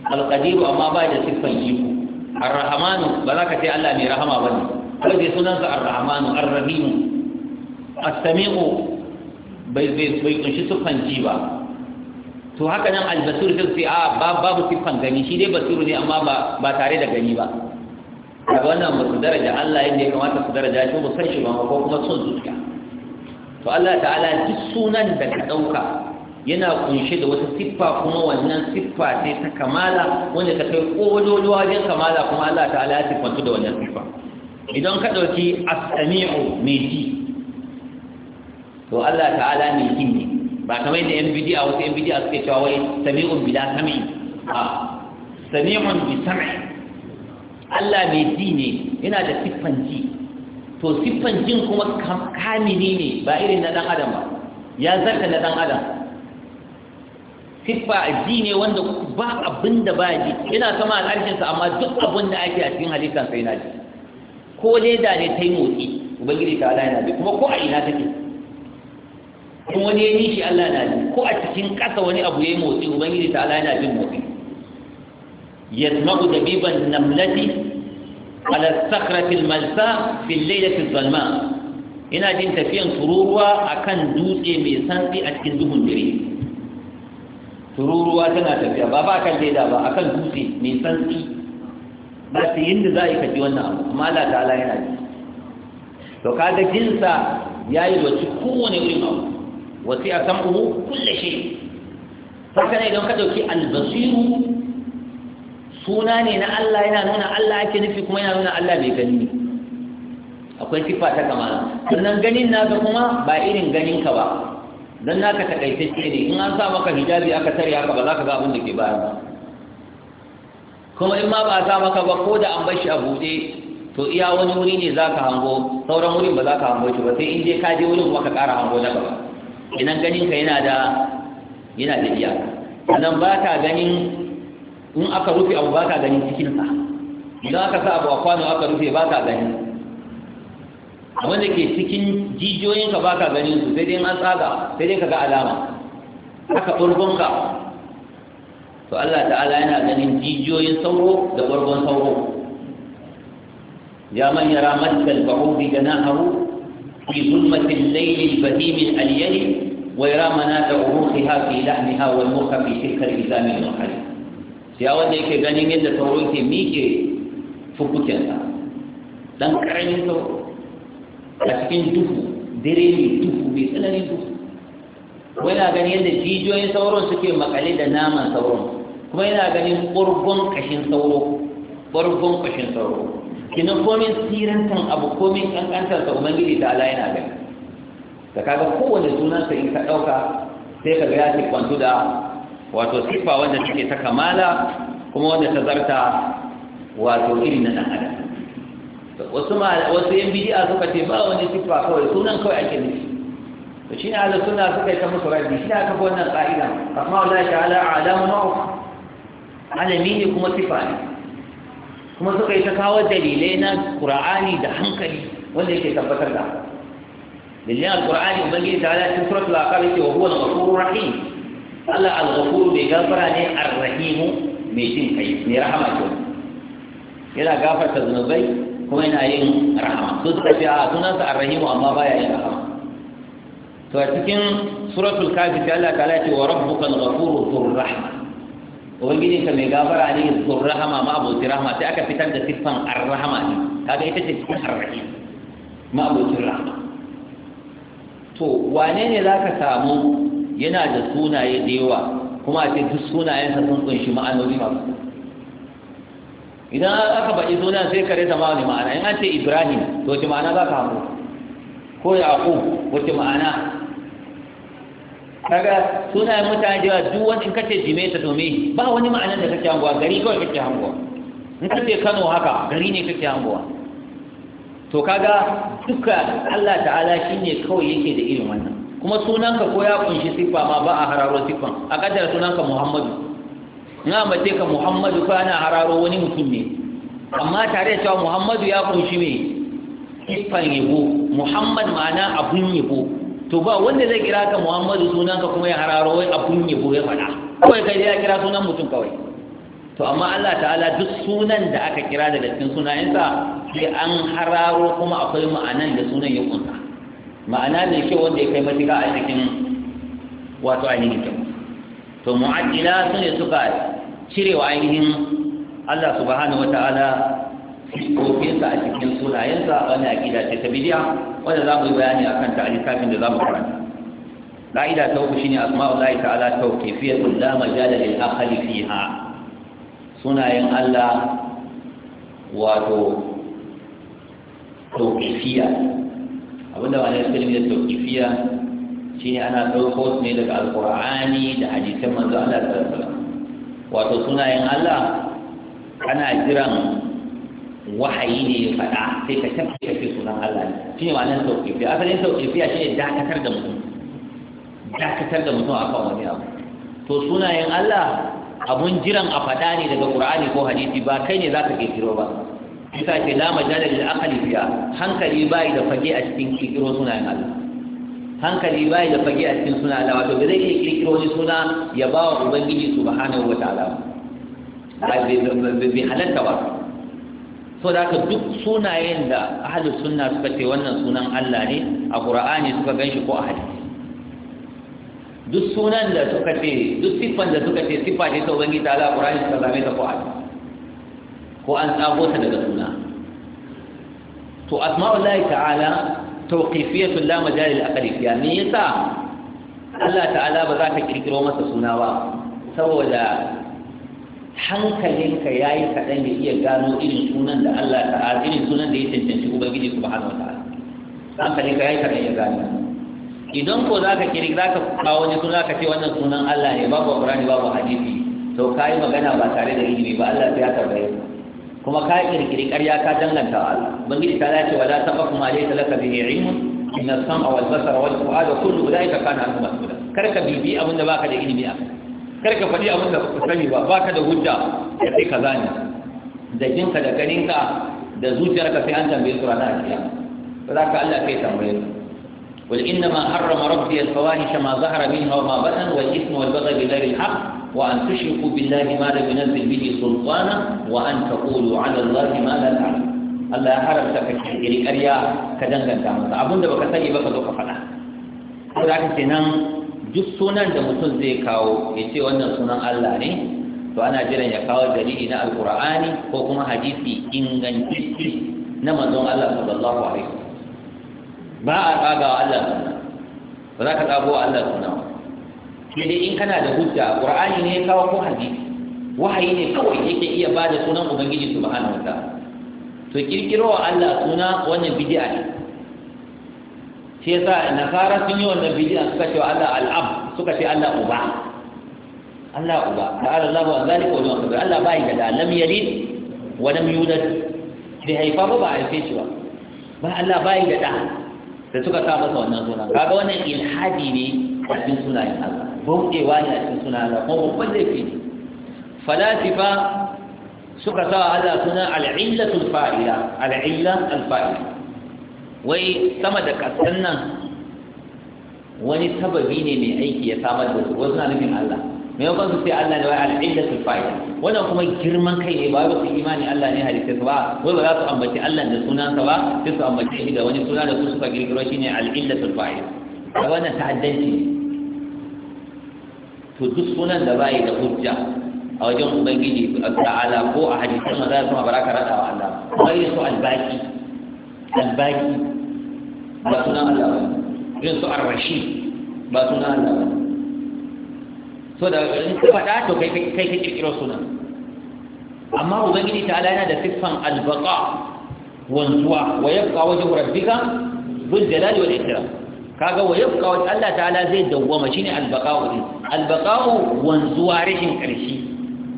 alqadiru amma ba da siffan iko arrahmanu ba za ka ce Allah mai rahama ba ne kawai dai sunansa arrahmanu arrahimu as-sami'u bai bai bai kunshi siffan ji ba to haka nan albasir sai sai a babu siffan gani shi dai basiru ne amma ba tare da gani ba daga wannan ba su daraja Allah yadda ya kamata su daraja shi ba san shi ba ko kuma son zuciya to Allah ta'ala duk sunan da ka ɗauka. yana kunshe da wata siffa kuma wannan siffa ce ta kamala wanda ta kai kololuwa wajen kamala kuma Allah ta'ala ya siffantu da wannan siffa idan ka ɗauki as mai ji to Allah ta'ala mai ji ne ba kamar da yan a wasu yan a suke cewa wai sami'un bila sam'i a sami'un bi sam'i Allah mai ji ne yana da siffan ji to siffan jin kuma kamili ne ba irin na ɗan adam ba ya zarta na ɗan adam siffa ji ne wanda ba abin da ba ji yana sama al'arshinsa amma duk abin da ake a cikin halittar sai na ji ko leda ne ta yi motsi ubangiji ta ala yana ji kuma ko a ina take kuma wani ya nishi allah na ji ko a cikin ƙasa wani abu ya yi motsi ubangiji ta ala yana jin motsi yasma'u dabiban namlati ala sakratil malsa fil lailatil zalma ina jin tafiyan tururuwa akan dutse mai santsi a cikin duhun dare tururuwa tana tafiya ba ba kan leda ba akan dutse mai santsi ba su yin za a yi kaji wannan abu kuma Allah ta'ala yana ji to kaga jinsa ya yi wace kowane wuri abu wasu a san uhu kulle shi saka ne don ka ɗauki albasiru suna ne na Allah yana nuna Allah ake nufi kuma yana nuna Allah bai gani akwai siffa ta kamala sannan ganin naka kuma ba irin ganin ka ba dan naka takaitacce ne in an sa maka hijabi aka tare haka ba za ka ga abin da ke bayan ba kuma in ma ba a sa maka ba ko da an bar shi a buɗe to iya wani wuri ne za ka hango sauran wurin ba za ka hango shi ba sai in je ka je wurin kuma ka ƙara hango na gaba idan ganin ka yana da yana da iya sannan ba ka ganin in aka rufe abu ba ka ganin cikinsa idan aka sa abu a kwano aka rufe ba ka ganin wanda ke cikin jijiyoyinka ba ka ganin su sai dai an tsaga sai dai ka ga alama haka ɓurgonka to Allah ta'ala yana ganin jijiyoyin sauro da ɓurgon sauro ya man yara maddal ba'udi da naharu fahimin ظلمة الليل البهيم الأليل ويرى مناة عروقها في لحمها والمخ في تلك الإزام المحرم ya wanda yake ganin yadda sauro ke miƙe fukukensa dan ƙaramin sauro a cikin duhu dare ne duhu mai tsananin duhu yana ganin yadda jijiyoyin sauron suke makale da naman sauron kuma yana ganin ɓurgon ƙashin sauro ɓurgon ƙashin sauro kinan komin sirantan abu komin ƙanƙantar sa ubangiji ta ala yana gani da kaga kowane sunansa in ka ɗauka sai ka ga ya siffantu da wato siffa wanda take ta kamala kuma wanda ta zarta wato irin na ɗan adam wasu wasu yan bidi'a suka ce ba wani siffa kawai sunan kawai ake nufi to shine ala suna suka yi ta musu rabbi shine aka fi wannan ka'ida amma wallahi ta'ala alamu ma'uka alami ne kuma sifa ne kuma suka yi ta kawo dalilai na qur'ani da hankali wanda yake tabbatar da dalilin alqur'ani ubangiji ta'ala cikin suratul aqab yake wa huwa al-ghafurur rahim Allah al-ghafur bai gafara ne ar rahimu mai jin kai mai rahama ce yana gafarta zunubai kuma yana yin rahama su suka ce a sunansa arrahimu amma baya yin rahama to a cikin suratul kafi sai Allah ta'ala ce wa rabbuka al-ghafuru dhur rahma ubangiji ka mai gafara ne dhur rahama ma abuci rahama. sai aka fitar da siffan ar-rahama ne kaga ita ce cikin ar-rahim ma abuci rahama. to wane ne zaka samu yana da sunaye da yawa kuma a ce duk sunayensa sun kunshi ma'anoni masu idan aka faɗi sunan sai kare ta mawani ma'ana in an ce ibrahim to wace ma'ana za ka hamu ko yaƙo wace ma'ana kaga sunayen mutane da duk wani in kace jime ta dome ba wani ma'anar da kake hanguwa gari kawai kake hanguwa in kace kano haka gari ne kake hanguwa to kaga duka Allah ta'ala shi ne kawai yake da irin wannan kuma sunanka ko ya kunshi siffa ma ba a hararo siffan a kaddara sunanka Muhammadu na mace ka muhammadu fa na hararo wani mutum ne amma tare da cewa muhammadu ya kunshi me ifan yabo muhammad ma'ana abun yabo to ba wanda zai kira ka muhammadu sunan ka kuma ya hararo wai abun yabo ya faɗa kawai kai ya kira sunan mutum kawai to amma Allah ta'ala duk sunan da aka kira da cikin sunayensa sai an hararo kuma akwai ma'anan da sunan ya kunsa ma'ana ne kyau wanda ya kai matuƙa a cikin wato ainihin kyau to mu'addila ne suka cirewa ainihin Allah subhanahu wataala kofinsa a cikin sunayensa wani aƙida ce ta bidiya wanda za mu yi bayani a kanta a littafin da za mu karanta ƙa'ida ta uku shine asma'u lahi ta'ala ta kayfiyatul la da lil akhli fiha sunayen Allah wato tawqifiya abinda wani suka yi da tawqifiya shine ana ɗauko su ne daga alƙur'ani da hadisan manzo Allah sallallahu alaihi wasallam wato sunayen Allah ana jiran wahayi ne ya faɗa sai ka tabbata sunan Allah ne shine ma'anar tauqifi asalin shi ne dakatar da mutum dakatar da mutum a akan wani abu to sunayen Allah abun jiran a faɗa ne daga Qur'ani ko hadisi ba kai ne za ke kirkiro ba isa ce la majala lil aqli fiya hankali bai da fage a cikin kirkiro sunayen Allah hankali bai da fage a cikin suna da wato bai zai iya kirkiro wani suna ya ba wa ubangiji subhanahu wata ta'ala bai halatta ba so da haka duk sunayen da ahlus suna suka ce wannan sunan Allah ne a ne suka ganshi ko a hadisi duk sunan da suka ce duk siffan da suka ce siffa ce ta ubangiji ta Allah qur'ani suka zame ta ko a ko an tsago ta daga suna to asma'ullahi ta'ala tawqifiyatun la majal al aqlifiya me yasa Allah ta'ala ba za ka kirkiro masa suna ba saboda hankalinka yayi kadan ya iya gano irin sunan da Allah ta'ala irin sunan da ya cancanci ubangiji subhanahu wa ta'ala hankalinka yayi kadan ya gano idan ko za ka kiri za ka kawo wani suna ka ce wannan sunan Allah ne babu Qur'ani babu hadisi to kai magana ba tare da ilimi ba Allah sai ya tarbaye ka kuma ka kirkiri ƙarya ka danganta wa Allah ubangiji ta dace wa la taqafu ma laysa laka bihi ilmun inna sam'a wal basara wal fu'ada kullu ulaika kana anhu mas'ula kar ka bibi abin da baka da ilimi a kar ka faɗi abin da baka sani ba baka da hujja ya sai ka zani da jinka da ganinka da zuciyarka sai an tambaye su ranar kiyama ba za ka Allah kai tambaye su قل إنما حرم ربي الفواحش ما ظهر منها وما بطن والإثم والبغي بغير الحق وأن تشركوا بالله ما لم ينزل به سلطانا وأن تقولوا على الله ما لا تعلم Allah ya haramta ka kirkiri ƙarya ka danganta masa abinda baka sani ba ka zo ka faɗa ko da kace nan duk sunan da mutum zai kawo ya ce wannan sunan Allah ne to ana jiran ya kawo dalili na alqur'ani ko kuma hadisi ingantacce na manzon Allah sallallahu alaihi wasallam ba a tsaga wa Allah sunan ba za ka tsago wa Allah sunan sai dai in kana da hujja qur'ani ne ya kawo ko hadisi wahayi ne kawai yake iya ba da sunan ubangiji subhanahu wataala to kirkiro wa Allah suna wannan bid'a ne shi yasa nasara sun yi wannan bid'a suka ce Allah al'ab suka ce Allah uba Allah uba ta'ala Allah wa zalika wa zalika Allah bai da lam yalid wa lam yulad bi haifa ba a yi shi ba ba Allah bai da da da suka sa masa wannan suna kaga wannan ilhadi ne a cikin sunayen Allah bauɗewa ne a cikin suna Allah kuma babban laifi ne falasifa suka sa Allah suna al'illatul fa'ila al'illa al-fa'ila wai sama da kasan nan wani sababi ne mai aiki ya samar da su wasu na nufin Allah mai yawan su sai Allah ne wai al'illatul fa'ila wannan kuma girman kai ne ba su imani Allah ne halitta su ba wai ba za su ambaci Allah da sunansa ba sai su ambaci shi da wani suna da su suka girgiro shi ne al'illatul fa'ila wannan ta'addanci ne to duk sunan da bai da hujja a wajen ubangiji ta'ala ko a hadisan maza su ma baraka rada wa Allah kuma irin su albaki albaki ba sunan Allah ba irin su arrashi ba sunan Allah ba so da in ka faɗa to kai kai ka kirkiro sunan amma ubangiji ta'ala yana da siffan albaqa wanzuwa wa yabqa wajhu rabbika bil jalali wal ikram kaga wa yabqa wa Allah ta'ala zai dawwama shine albaqa'u din albaqa'u wanzuwa rashin ƙarshe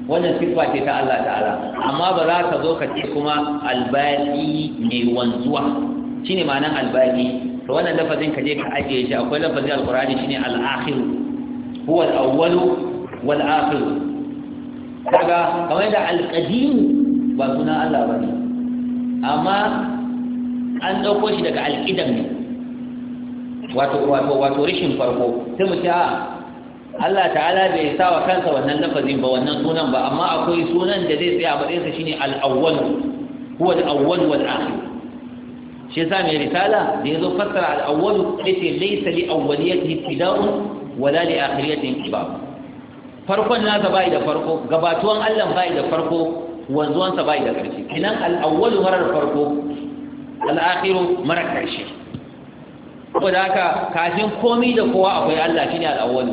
wannan sifa ce ta Allah ta'ala amma ba za ka zo ka ce kuma albaqi mai wanzuwa shine ma'anar albaqi to wannan lafazin ka je ka ajiye shi akwai lafazin alqur'ani shine al-akhir huwa al-awwal wal akhir kaga kamar da al-qadim ba sunan Allah bane amma an dauko shi daga al-qidam ne wato wato wato rishin farko sai mu ce a Allah ta'ala bai sa wa kansa wannan lafazin ba wannan sunan ba amma akwai sunan da zai tsaya a matsayinsa shine al-awwal huwa al-awwal wal akhir shi yasa mai risala da yazo fassara al-awwal yace laysa li awwaliyatihi ibtida'un wala li akhiriyatihi ibab farkon nasa bai da farko gabatuwan Allah bai da farko wanzuwansa bai da ƙarshe kinan al-awwal marar farko al-akhiru marar ƙarshe saboda haka kafin komi da kowa akwai Allah shine ne awwal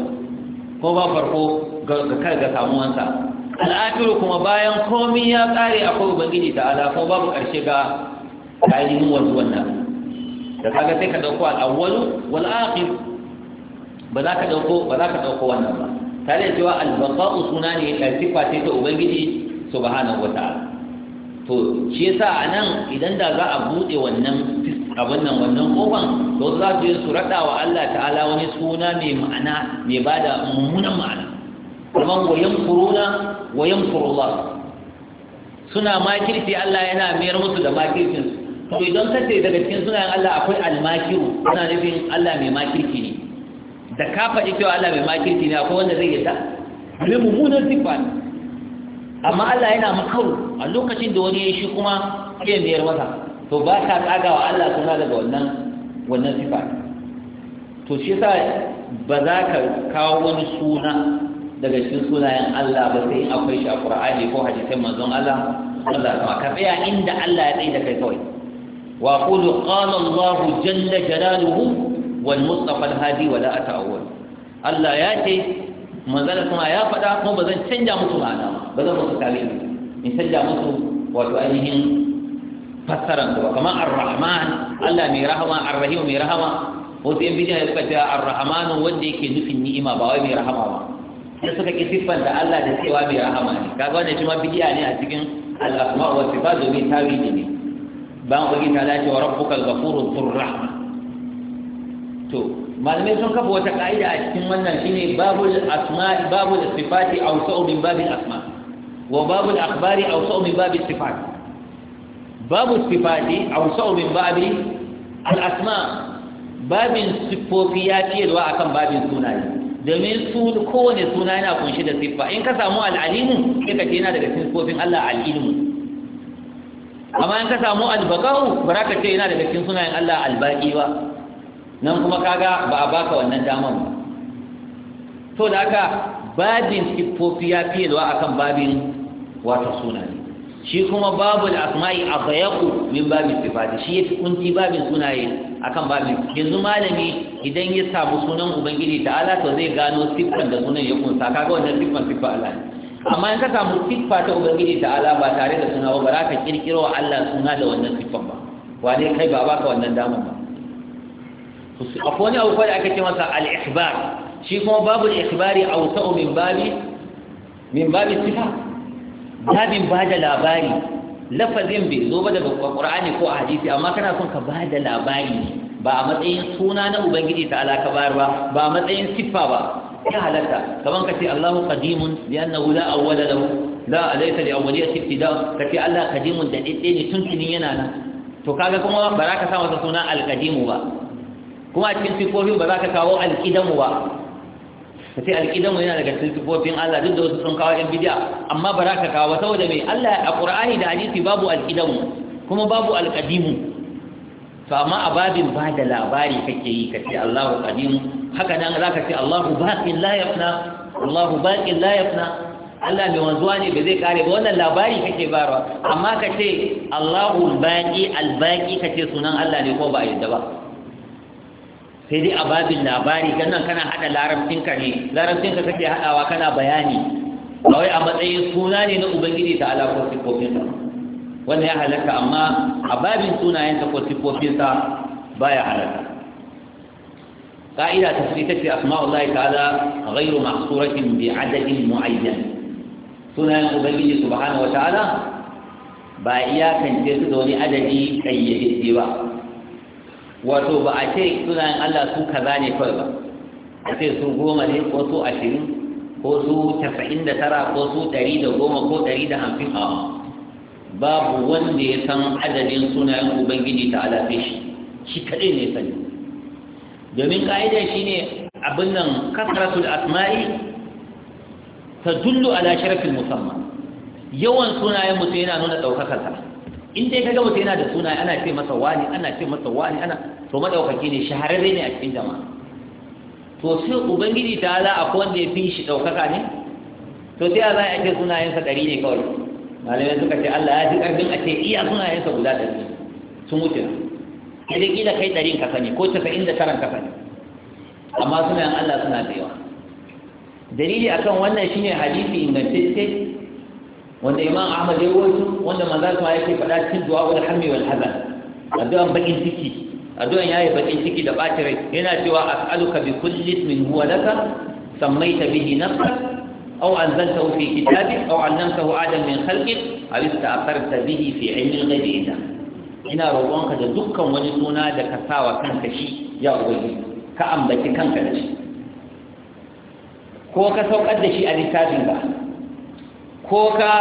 ko ba farko ga kai ga samuwansa al-akhiru kuma bayan komi ya kare akwai ubangiji ala ko babu karshe ga ainihin wanzuwan wannan da kaga sai ka dauko al'awwal wal akhir ba za ka dauko ba za ka dauko wannan ba tare da cewa al-baqa'u suna ne sifa ce ta ubangiji subhanahu ta'ala to shi yasa anan idan da za a bude wannan A wannan wannan kofan to za su yi su raɗa wa Allah ta'ala wani suna mai ma'ana mai ba da mummunan ma'ana kuma wayan kuruna wayan kurullah suna makirci Allah yana mayar musu da makircin to idan ka ce daga cikin sunayen Allah akwai almakiru suna nufin Allah mai makirci ne da ka faɗi cewa Allah mai makirci ne akwai wanda zai yadda mai mummunan siffa ne amma Allah yana makaru a lokacin da wani ya shi kuma ke mayar masa to ba ta tsaga wa Allah suna daga wannan wannan sifa to shi yasa ba za ka kawo wani suna daga cikin sunayen Allah ba sai akwai shi a Qur'ani ko hadisin manzon Allah Allah ba ka tsaya inda Allah ya tsaye da kai kawai wa qulu qala Allah jalla jalaluhu wal mustafa al hadi wa la ata'awwal Allah ya ce manzon kuma ya faɗa kuma ba zan canja musu ma'ana ba zan musu tarihi in canja musu wato ainihin fassaran ba kamar ar-rahman Allah mai rahama ar-rahim mai rahama wasu yan bidiya suka ce ar-rahmanu wanda yake nufin ni'ima ba wai mai rahama ba sai suka ki da Allah da cewa mai rahama ne kaga wannan shi ma bidiya ne a cikin al-asma wa sifat domin tawili ne ban ubangi ta lace wa rabbuka al-ghafuru dhur-rahma to malamai sun kafa wata ka'ida a cikin wannan shine babul asma babul sifati aw sa'u min babil asma wa babul akhbari aw sa'u min babil sifati babu sifati awsau min babi al-asma babin sifofi ya fi yalwa akan babin sunaye domin su kowane suna yana kunshi da siffa in ka samu al'alimu sai ka ce yana daga sifofin Allah al'ilmu amma in ka samu albaqa'u ba ce yana daga cikin sunayen Allah albaqi ba nan kuma kaga ba a baka wannan damar ba to da haka babin siffofi ya fi yalwa akan babin wato sunaye shi kuma babu babul asma'i ku, min babin sifati shi ya fi kunci babin sunaye akan babin yanzu malami idan ya samu sunan ubangiji da Allah to zai gano siffan da sunan ya kunsa kaga wannan siffan siffa Allah ne amma in ka samu siffa ta ubangiji ta Allah ba tare da suna ba ba za ka kirkiro Allah suna da wannan siffan ba wane kai ba baka wannan damar ba akwai wani abu da aka ce masa al-ihbar shi kuma babu al-ihbari awsa'u min babi min babi sifat babin ba da labari lafazin bai zo ba daga ƙur'ani ko a hadisi amma kana son ka ba da labari ne ba a matsayin suna na ubangiji ta ala bayar ba ba a matsayin siffa ba ya halatta kaman ka ce allahu qadimun li'annahu la awwala lahu la alaysa li awwaliyati ibtida ka ce allah qadimun da dade ne tuntunin yana nan to kaga kuma ba za ka sa wata suna al-qadimu ba kuma a cikin sifofin ba za ka kawo al-qidamu ba ka ce alƙidamu yana daga sifofin Allah duk da wasu sun kawo ƴan bidiya amma ba za ka kawo saboda mai Allah a Qur'ani da hadisi babu alƙidamu kuma babu alƙadimu to amma a babin ba da labari kake yi ka ce Allahu qadimu haka nan za ka ce Allahu baqin la yafna Allahu baqin la yafna Allah mai wanzuwa ne ba zai kare ba wannan labari kake bayarwa amma ka ce Allahu baqi al-baqi ka ce sunan Allah ne ko ba yadda ba sai dai a babin labari gannan kana haɗa larabcinka ne larabcinka kake haɗawa kana bayani ba wai a matsayin suna ne na ubangiji ta ala ko siffofinsa Wannan ya halarta amma a babin sunayensa ko siffofinsa baya halarta ka'ida ta fi tafi asma'ullahi ta'ala ghairu mahsuratin bi adadin mu'ayyan sunayen ubangiji subhanahu wa ta'ala ba iya kan iyakance su da wani adadi kayyade ba wato ba a ce sunayen Allah su kaza ne kawai ba a ce su goma ne ko su ashirin ko su casa'in da tara ko su ɗari da goma ko ɗari da hamsin a babu wanda ya san adadin sunayen ubangiji ta alafe shi shi kaɗai ne sani domin ka'idar shi ne abin nan kasratul asma'i ta dullu ala sharafin musamman yawan sunayen mutum yana nuna ɗaukakarsa in dai ka ga mutum yana da suna ana ce masa wani ana ce masa wani ana to madaukaki ne shahararre ne a cikin jama'a to sai ubangiji ta ala a kowanne ya fi shi daukaka ne to sai a za a ce sunayensa ɗari ne kawai malamai suka ce Allah ya ji ƙarfin a ce iya sunayensa guda ɗari sun wuce Na dai kila kai ɗarin ka sani ko casa'in da taran ka sani amma sunayen Allah suna da yawa dalili akan wannan shine hadisi ingantacce wanda imam ahmad ya wato wanda manzo kuma yake faɗa cikin du'a wal hammi wal hazan addu'an bakin ciki addu'an yayi bakin ciki da bacin rai yana cewa as'aluka bi kulli min huwa laka sammaita bihi nafsak أو أنزلته في كتابك أو علمته آدم من خلقك أو استأثرت bihi في علم الغيب إذا ina roƙonka da dukkan wani suna da ka sa wa kanka shi ya ubangi ka ambaci kanka da shi ko ka saukar da shi a littafin ba ko ka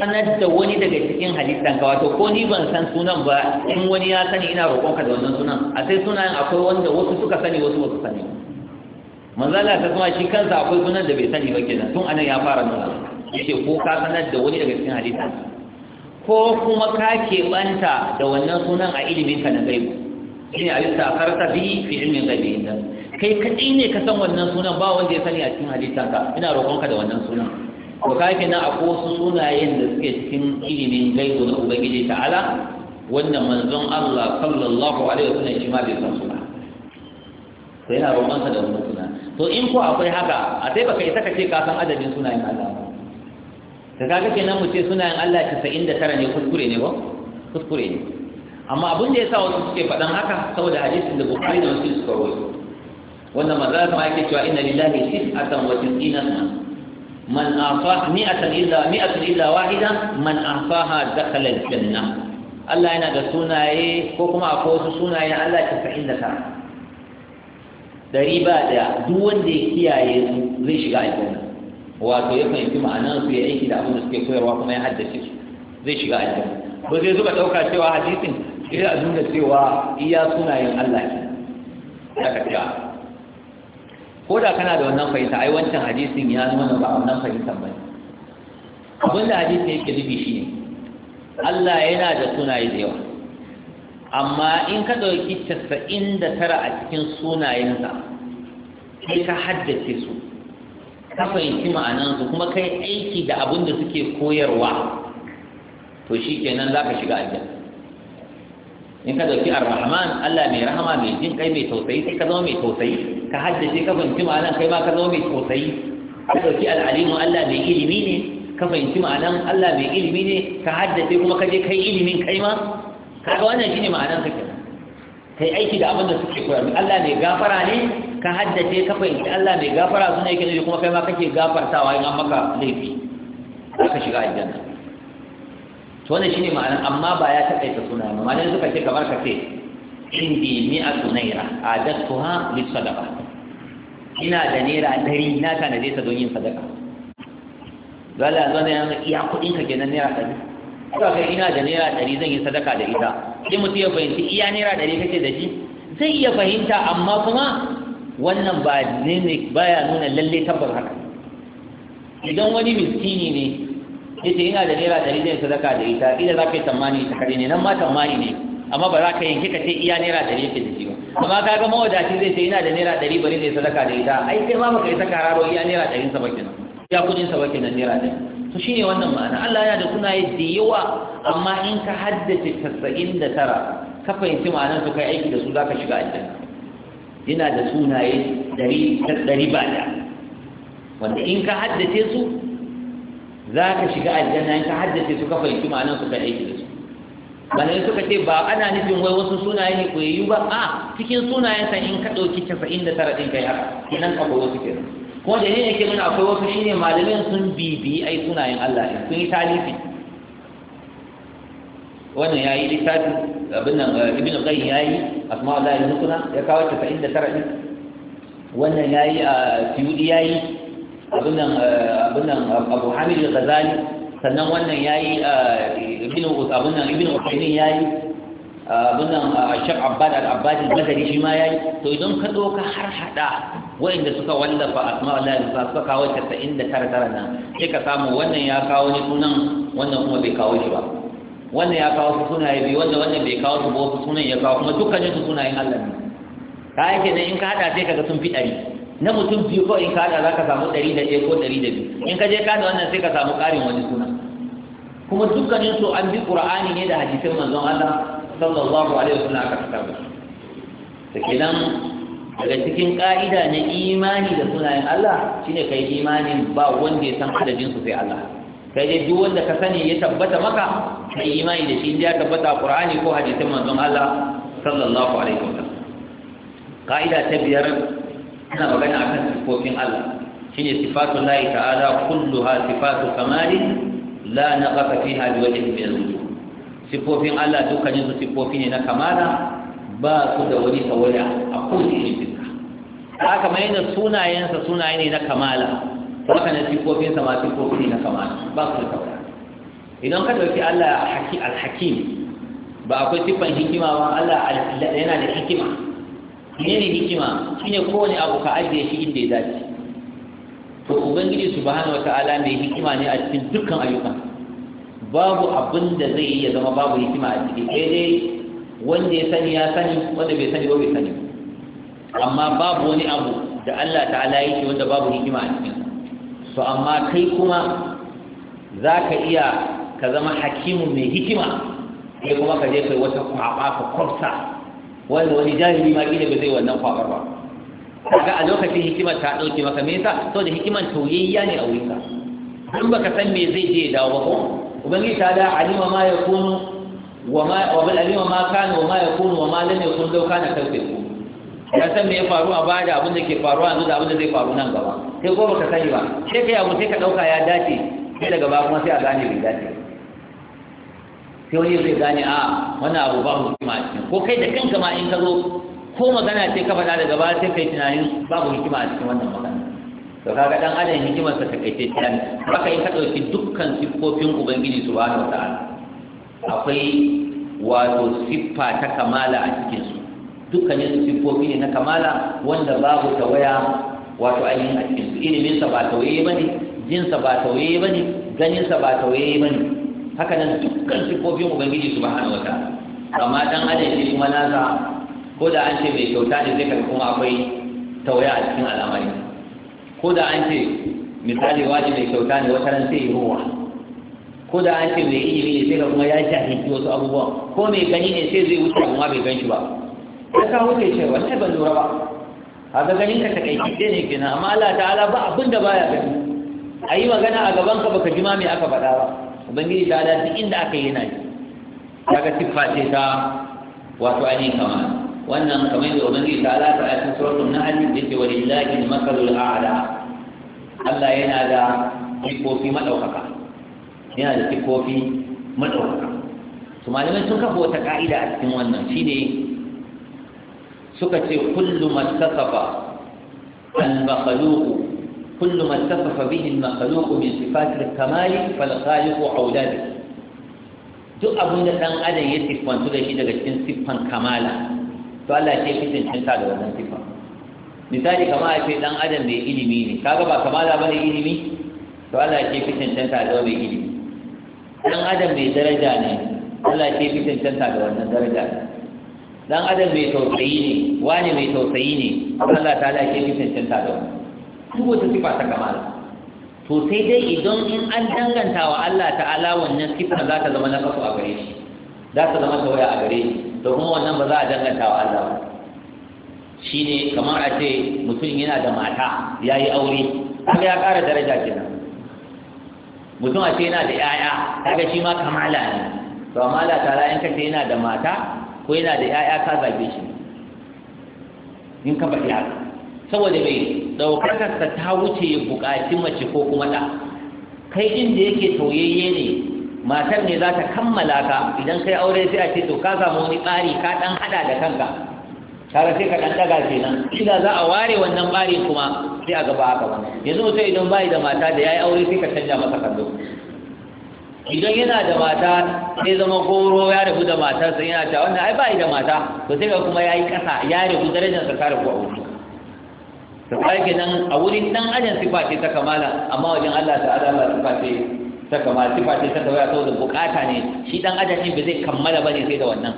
sanar da wani daga cikin halittan ka wato ko ni ban san sunan ba in wani ya sani ina ka da wannan sunan a sai sunayen akwai wanda wasu suka sani wasu wasu sani manzala ta kuma shi kansa akwai sunan da bai sani ba kenan tun anan ya fara nuna yace ko ka sanar da wani daga cikin halittan ko kuma ka keɓanta da wannan sunan a ilimin ka na gaibu shi ne a yadda a karta bi fi ilimin gaibu kai kaɗai ne ka san wannan sunan ba wanda ya sani a cikin halittanka ina ka da wannan sunan ko kake na akwai wasu sunayen da suke cikin ilimin gaibu na ubangiji ta'ala wanda manzon Allah sallallahu alaihi wa sallam, shi ma bai san su ba to yana roƙonsa da wannan suna to in ko akwai haka a sai baka isa ka ce ka san adadin sunayen Allah ba ka kaga kenan mu ce sunayen Allah 99 ne kuskure ne ba kuskure ne amma abin da ya sa wasu suke faɗan haka saboda hadisin da bukari da wasu suka rawaito wannan maza ma yake cewa inna lillahi sit'atan wa tis'ina man afa mi'atan illa mi'atan illa wahida man afaha dakhala aljanna Allah yana da sunaye ko kuma akwai wasu sunaye Allah ta fa'in da tara dari ba daya duk wanda ya kiyaye su zai shiga aljanna wato ya fahimci ma'anar su ya aiki da abin da suke koyarwa kuma ya haddace su zai shiga aljanna ko sai suka ɗauka cewa hadisin sai a nuna cewa iya sunayen Allah ne aka cewa ko da kana da wannan fahimta ai wancan hadisin ya nuna ba wannan fahimtar ba abin da hadisin yake nufi shi ne Allah yana da sunaye da yawa amma in ka ɗauki casa'in da tara a cikin sunayensa sai ka haddace su ka fahimci ma'anansu kuma kai aiki da abin da suke koyarwa to shi kenan za ka shiga aljanna in ka dauki ar Allah mai rahama mai jin kai mai tausayi sai ka zama mai tausayi ka haddace ka fahimci ma'anan kai ma ka zama mai tausayi ka dauki al Allah mai ilimi ne ka fahimci ma'anan Allah mai ilimi ne ka haddace kuma ka je kai ilimin kai ma kaga wannan shine ma'anan ka kenan kai aiki da abin da suke koyar Allah mai gafara ne ka haddace ka fahimci Allah mai gafara suna yake ne kuma kai ma kake gafartawa in an maka laifi ka shiga aljanna to wannan shine ma'ana amma ba ya taɓa taƙaita suna ba malamai suka ce kamar ka ce indi mi'atu naira adattuha lis-sadaqa ina da naira dari na tanade ta don yin sadaka zalla zalla yana iya kuɗin ka kenan naira dari ka kai ina da naira dari zan yi sadaka da ita sai mutum ya fahimci iya naira dari kake da shi zai iya fahimta amma kuma wannan ba ne baya nuna lalle tabbar haka idan wani miskini ne yace ina da naira ɗari zai sadaka da ita idan za ka yi tsammani ta kare ne nan ma tsammani ne amma ba za ka yanke ka ce iya naira ɗari yake da shi ba amma ka ga mawadaci zai ce ina da naira ɗari bari zai sadaka da ita ai kai ma baka yi saka raro iya naira ɗari sa ba kenan iya kudin sa ba kenan naira ɗari to shine wannan ma'ana Allah yana da sunaye da yawa amma in ka haddace tasa'in da tara ka fahimci ma'anar su kai aiki da su za ka shiga aljanna yana da sunaye ɗari ba da wanda in ka haddace su za ka shiga aljanna in ka haddace su ka fahimci ma'anar su ka aiki da su bana suka ce ba ana nufin wai wasu sunaye ne koyayyu ba a cikin sunayen sa in ka ɗauki casa'in da tara ɗin kai haka kenan akwai wasu ke. kuma da ne yake nuna akwai wasu shine malamin sun bibi ai sunayen Allah ne sun yi talifi wannan ya yi littafi abin nan eh, ibn qayyim ya yi asma'ul lahi husna ya kawo casa'in da tara ɗin wannan ya yi a eh, fiyudi ya yi Eh, abin nan abu hamid al-ghazali sannan wannan yayi eh, ibn abin nan ibn usaymin yayi eh, abin nan shek abbad al-abbad al-madani shi ma yayi to idan ka doka har hada wa'inda suka wallafa asma Allah al-husna suka kawo 99 nan sai ka samu wannan ya kawo ni sunan wannan kuma bai kawo shi ba wannan ya kawo su sunaye bi wanda wannan bai kawo su ba wasu sunan ya kawo kuma dukkanin su sunayen Allah ne ka yake ne in ka hada sai kaga sun fi ɗari na mutum biyu ko in kada za ka samu ɗari da ɗaya ko ɗari da biyu in ka je kada wannan sai ka samu ƙarin wani suna kuma dukkanin su an bi ƙur'ani ne da hadisin manzon Allah sallallahu alaihi wa sallam aka fitar da ta kenan daga cikin ƙa'ida na imani da sunayen Allah shine kai imanin ba wanda ya san adadin su sai Allah kai dai duk wanda ka sani ya tabbata maka kai imani da shi in ya tabbata ƙur'ani ko hadisin manzon Allah sallallahu alaihi wa sallam. kaida ta biyar ana magana akan sifofin Allah shine sifatun lahi ta'ala kulluha sifatu kamali la naqata fiha biwajhin min al-wujuh sifofin Allah dukkanin su sifofi ne na kamala ba su da wani tawaya a kowace irin fiska haka mai da sunayensa sunaye ne na kamala haka ne sifofinsa ma sifofi ne na kamala ba su da tawaya idan ka dauki Allah al-hakim ba akwai siffan hikima ba Allah yana da hikima menene hikima shine kowane abu ka ajiye shi inda ya dace to ubangiji subhanahu wataala mai hikima ne a cikin dukkan ayyukan babu abin da zai iya zama babu hikima a ciki sai dai wanda ya sani ya sani wanda bai sani ba bai sani amma babu wani abu da Allah ta'ala ya ce wanda babu hikima a ciki to amma kai kuma za ka iya ka zama hakimu mai hikima sai kuma ka je kai wata kwaba ka kwafsa wanda wani jahili ma kila ba zai wannan kwabar ba kaga a lokacin hikimar ta dauke maka me yasa da hikimar tauyayya ne a wurinka in baka san me zai je dawo ba ko ubangiji ta da alima ma yakunu wa ma wa bal alima ma kana wa ma yakunu wa ma lam yakun law kana tawfiqu ya san me ya faru a bada abin da ke faruwa yanzu da abin da zai faru nan gaba sai ko baka sani ba sai kai abu sai ka dauka ya dace sai daga ba kuma sai a gane bai dace sai wani zai gane a ah, wani abu ba hukuma a cikin ko kai da kanka ma in ka zo ko magana ce ka faɗa daga baya sai kai tunanin babu hikima a cikin wannan magana to kaga dan adam hikimar sa ta kai ta ne haka in ka dauki dukkan siffofin ubangiji subhanahu wataala akwai wato siffa ta kamala a cikin su dukkanin siffofi ne na kamala wanda babu tawaya wato ainihin a cikin su ilimin sa ba tawaye bane jin sa ba tawaye bane ganin sa ba tawaye bane haka nan dukkan sifofin ubangiji subhanahu wataala amma dan adam shi kuma nasa ko da an ce mai kyauta ne zai kaga kuma akwai tauya a cikin al'amari ko da an ce misali waje mai kyauta ne wata ran sai ruwa ko da an ce mai ilimi ne sai ka kuma ya jahilci wasu abubuwan ko mai gani ne sai zai wuce amma bai gan shi ba ko ka wuce ce wannan ban lura ba haka ganin ka takaice ne kenan amma Allah ta'ala ba abinda baya gani ayi magana a gaban ka baka ji ma me aka faɗa ba ubangiji ta da duk inda aka yi yana yi kaga siffa ce ta wato ainihin kama wannan kamar yadda ubangiji ta ala ta ayatin suratul nahl da yake walillahi al-masalul a'la Allah yana da sifofi madaukaka yana da sifofi madaukaka to malamai sun kafa wata ka'ida a cikin wannan shine suka ce kullu mastasafa al-makhluq كل ما اتصف به المخلوق من صفات الكمال فالخالق أولى به duk abin da ɗan adam ya siffantu da shi daga cikin siffan kamala to Allah ce fi cancanta da wannan siffa misali kama a ce ɗan adam mai ilimi ne kaga ba kamala ba ne ilimi to Allah ce fi cancanta da mai ilimi Dan adam mai daraja ne Allah ce fi cancanta da wannan daraja Dan adam mai tausayi ne wani mai tausayi ne Allah ta Allah ce fi cancanta da wannan duk ta sifa ta kamala to sai dai idan in an danganta wa Allah ta'ala wannan sifa za ta zama na kasu a gare shi za ta zama tawaya a gare shi to kuma wannan ba za a danganta wa Allah ba Shi ne kamar a ce mutum yana da mata ya yi aure kuma ya ƙara daraja kenan mutum a ce yana da 'ya'ya kaga shi ma kamala ne to amma Allah ta'ala in kace yana da mata ko yana da 'ya'ya ka zabe shi in ka faɗi haka saboda mai ɗaukakarsa ta wuce ya buƙaci mace ko kuma ɗa kai inda yake tauyayye ne matar ne za ta kammala ka idan kai aure sai a ce to ka samu wani tsari ka ɗan haɗa da kanka kaga sai ka ɗan ɗaga nan ila za a ware wannan ɓari kuma sai a gaba haka wani yanzu mutum idan bayi da mata da ya yi aure sai ka canja masa kallo idan yana da mata sai zama goro ya rabu da matarsa yana ta wannan ai bayi da mata to sai ka kuma ya yi ƙasa ya rabu darajarsa ta rabu a wuri to kai nan a wurin dan adam sifa ce ta kamala amma wajen Allah ta'ala ba sifa ce ta kamala sifa ce ta tawaya saboda bukata ne shi dan adam din ba zai kammala bane sai da wannan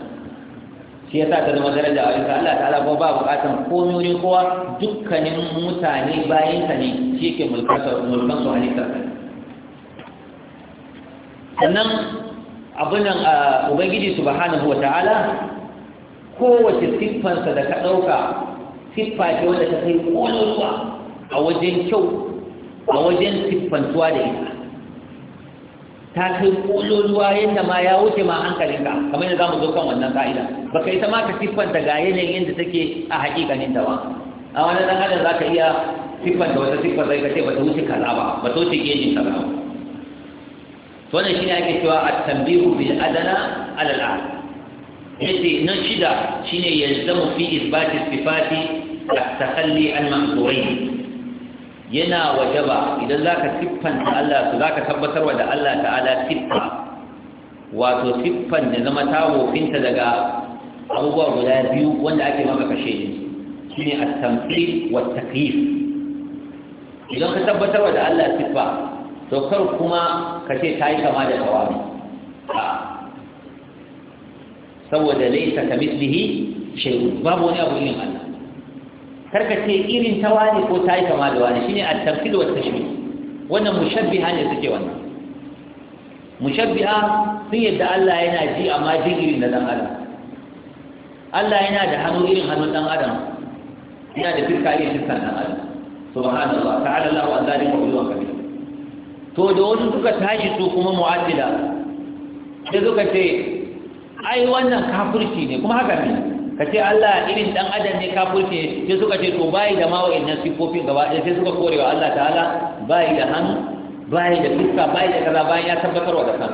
shi yasa ta zama daraja a isa Allah ta'ala kuma ba bukatan komai wurin kowa dukkanin mutane bayan ta ne shi yake mulkan su halitta sannan abin nan ah, ubangiji subhanahu ta'ala, kowace siffansa da ka ɗauka. siffa ce wadda ta kai kololuwa a wajen kyau a wajen siffantuwa da ita ta kai kololuwa yadda ma ya wuce ma hankalinka kamar yadda za mu zo kan wannan ka'ida ba ka ita ma ka siffanta ga yanayin yadda take a haƙiƙanin ta ba a wani ɗan adam za ka iya siffanta wata siffar zai ka ce ba ta wuce kaza ba ba ta wuce gejin kaza ba to wannan shine ake cewa a tambihu bil adana ala al yace na shida shine mu fi isbati sifati takalli al-mansurai yana wajaba idan zaka siffanta Allah su za ka tabbatarwa da Allah ta'ala siffa wato siffan da zama ta wofinta daga abubuwa guda biyu wanda ake maka kashe ne shi ne a tamfil wa taklif idan ka tabbatarwa da Allah siffa to kar kuma ka ce ta yi kama da tawami saboda laisa ka mislihi shay'un babu wani abu irin Allah karka ce irin ta wani ko ta yi kama da wani shine at-tamthil wa shi. wannan mushabbiha ne suke wannan mushabbiha sun yadda Allah yana ji amma jin irin da dan adam Allah yana da hannu irin hannun dan adam yana da fiska irin fiskar dan adam subhanallah ta'ala Allah wa zalika wa huwa kabir to da wani suka tashi su kuma mu'addila sai suka ce ai wannan kafirci ne kuma haka ne ka ce Allah irin dan adam ne kafirce sai suka ce to bai da ma wa'annan sifofin gaba ɗaya sai suka kore wa Allah ta'ala bai da hannu bai da fuska bai da kaza bayan ya tabbatar da kasa.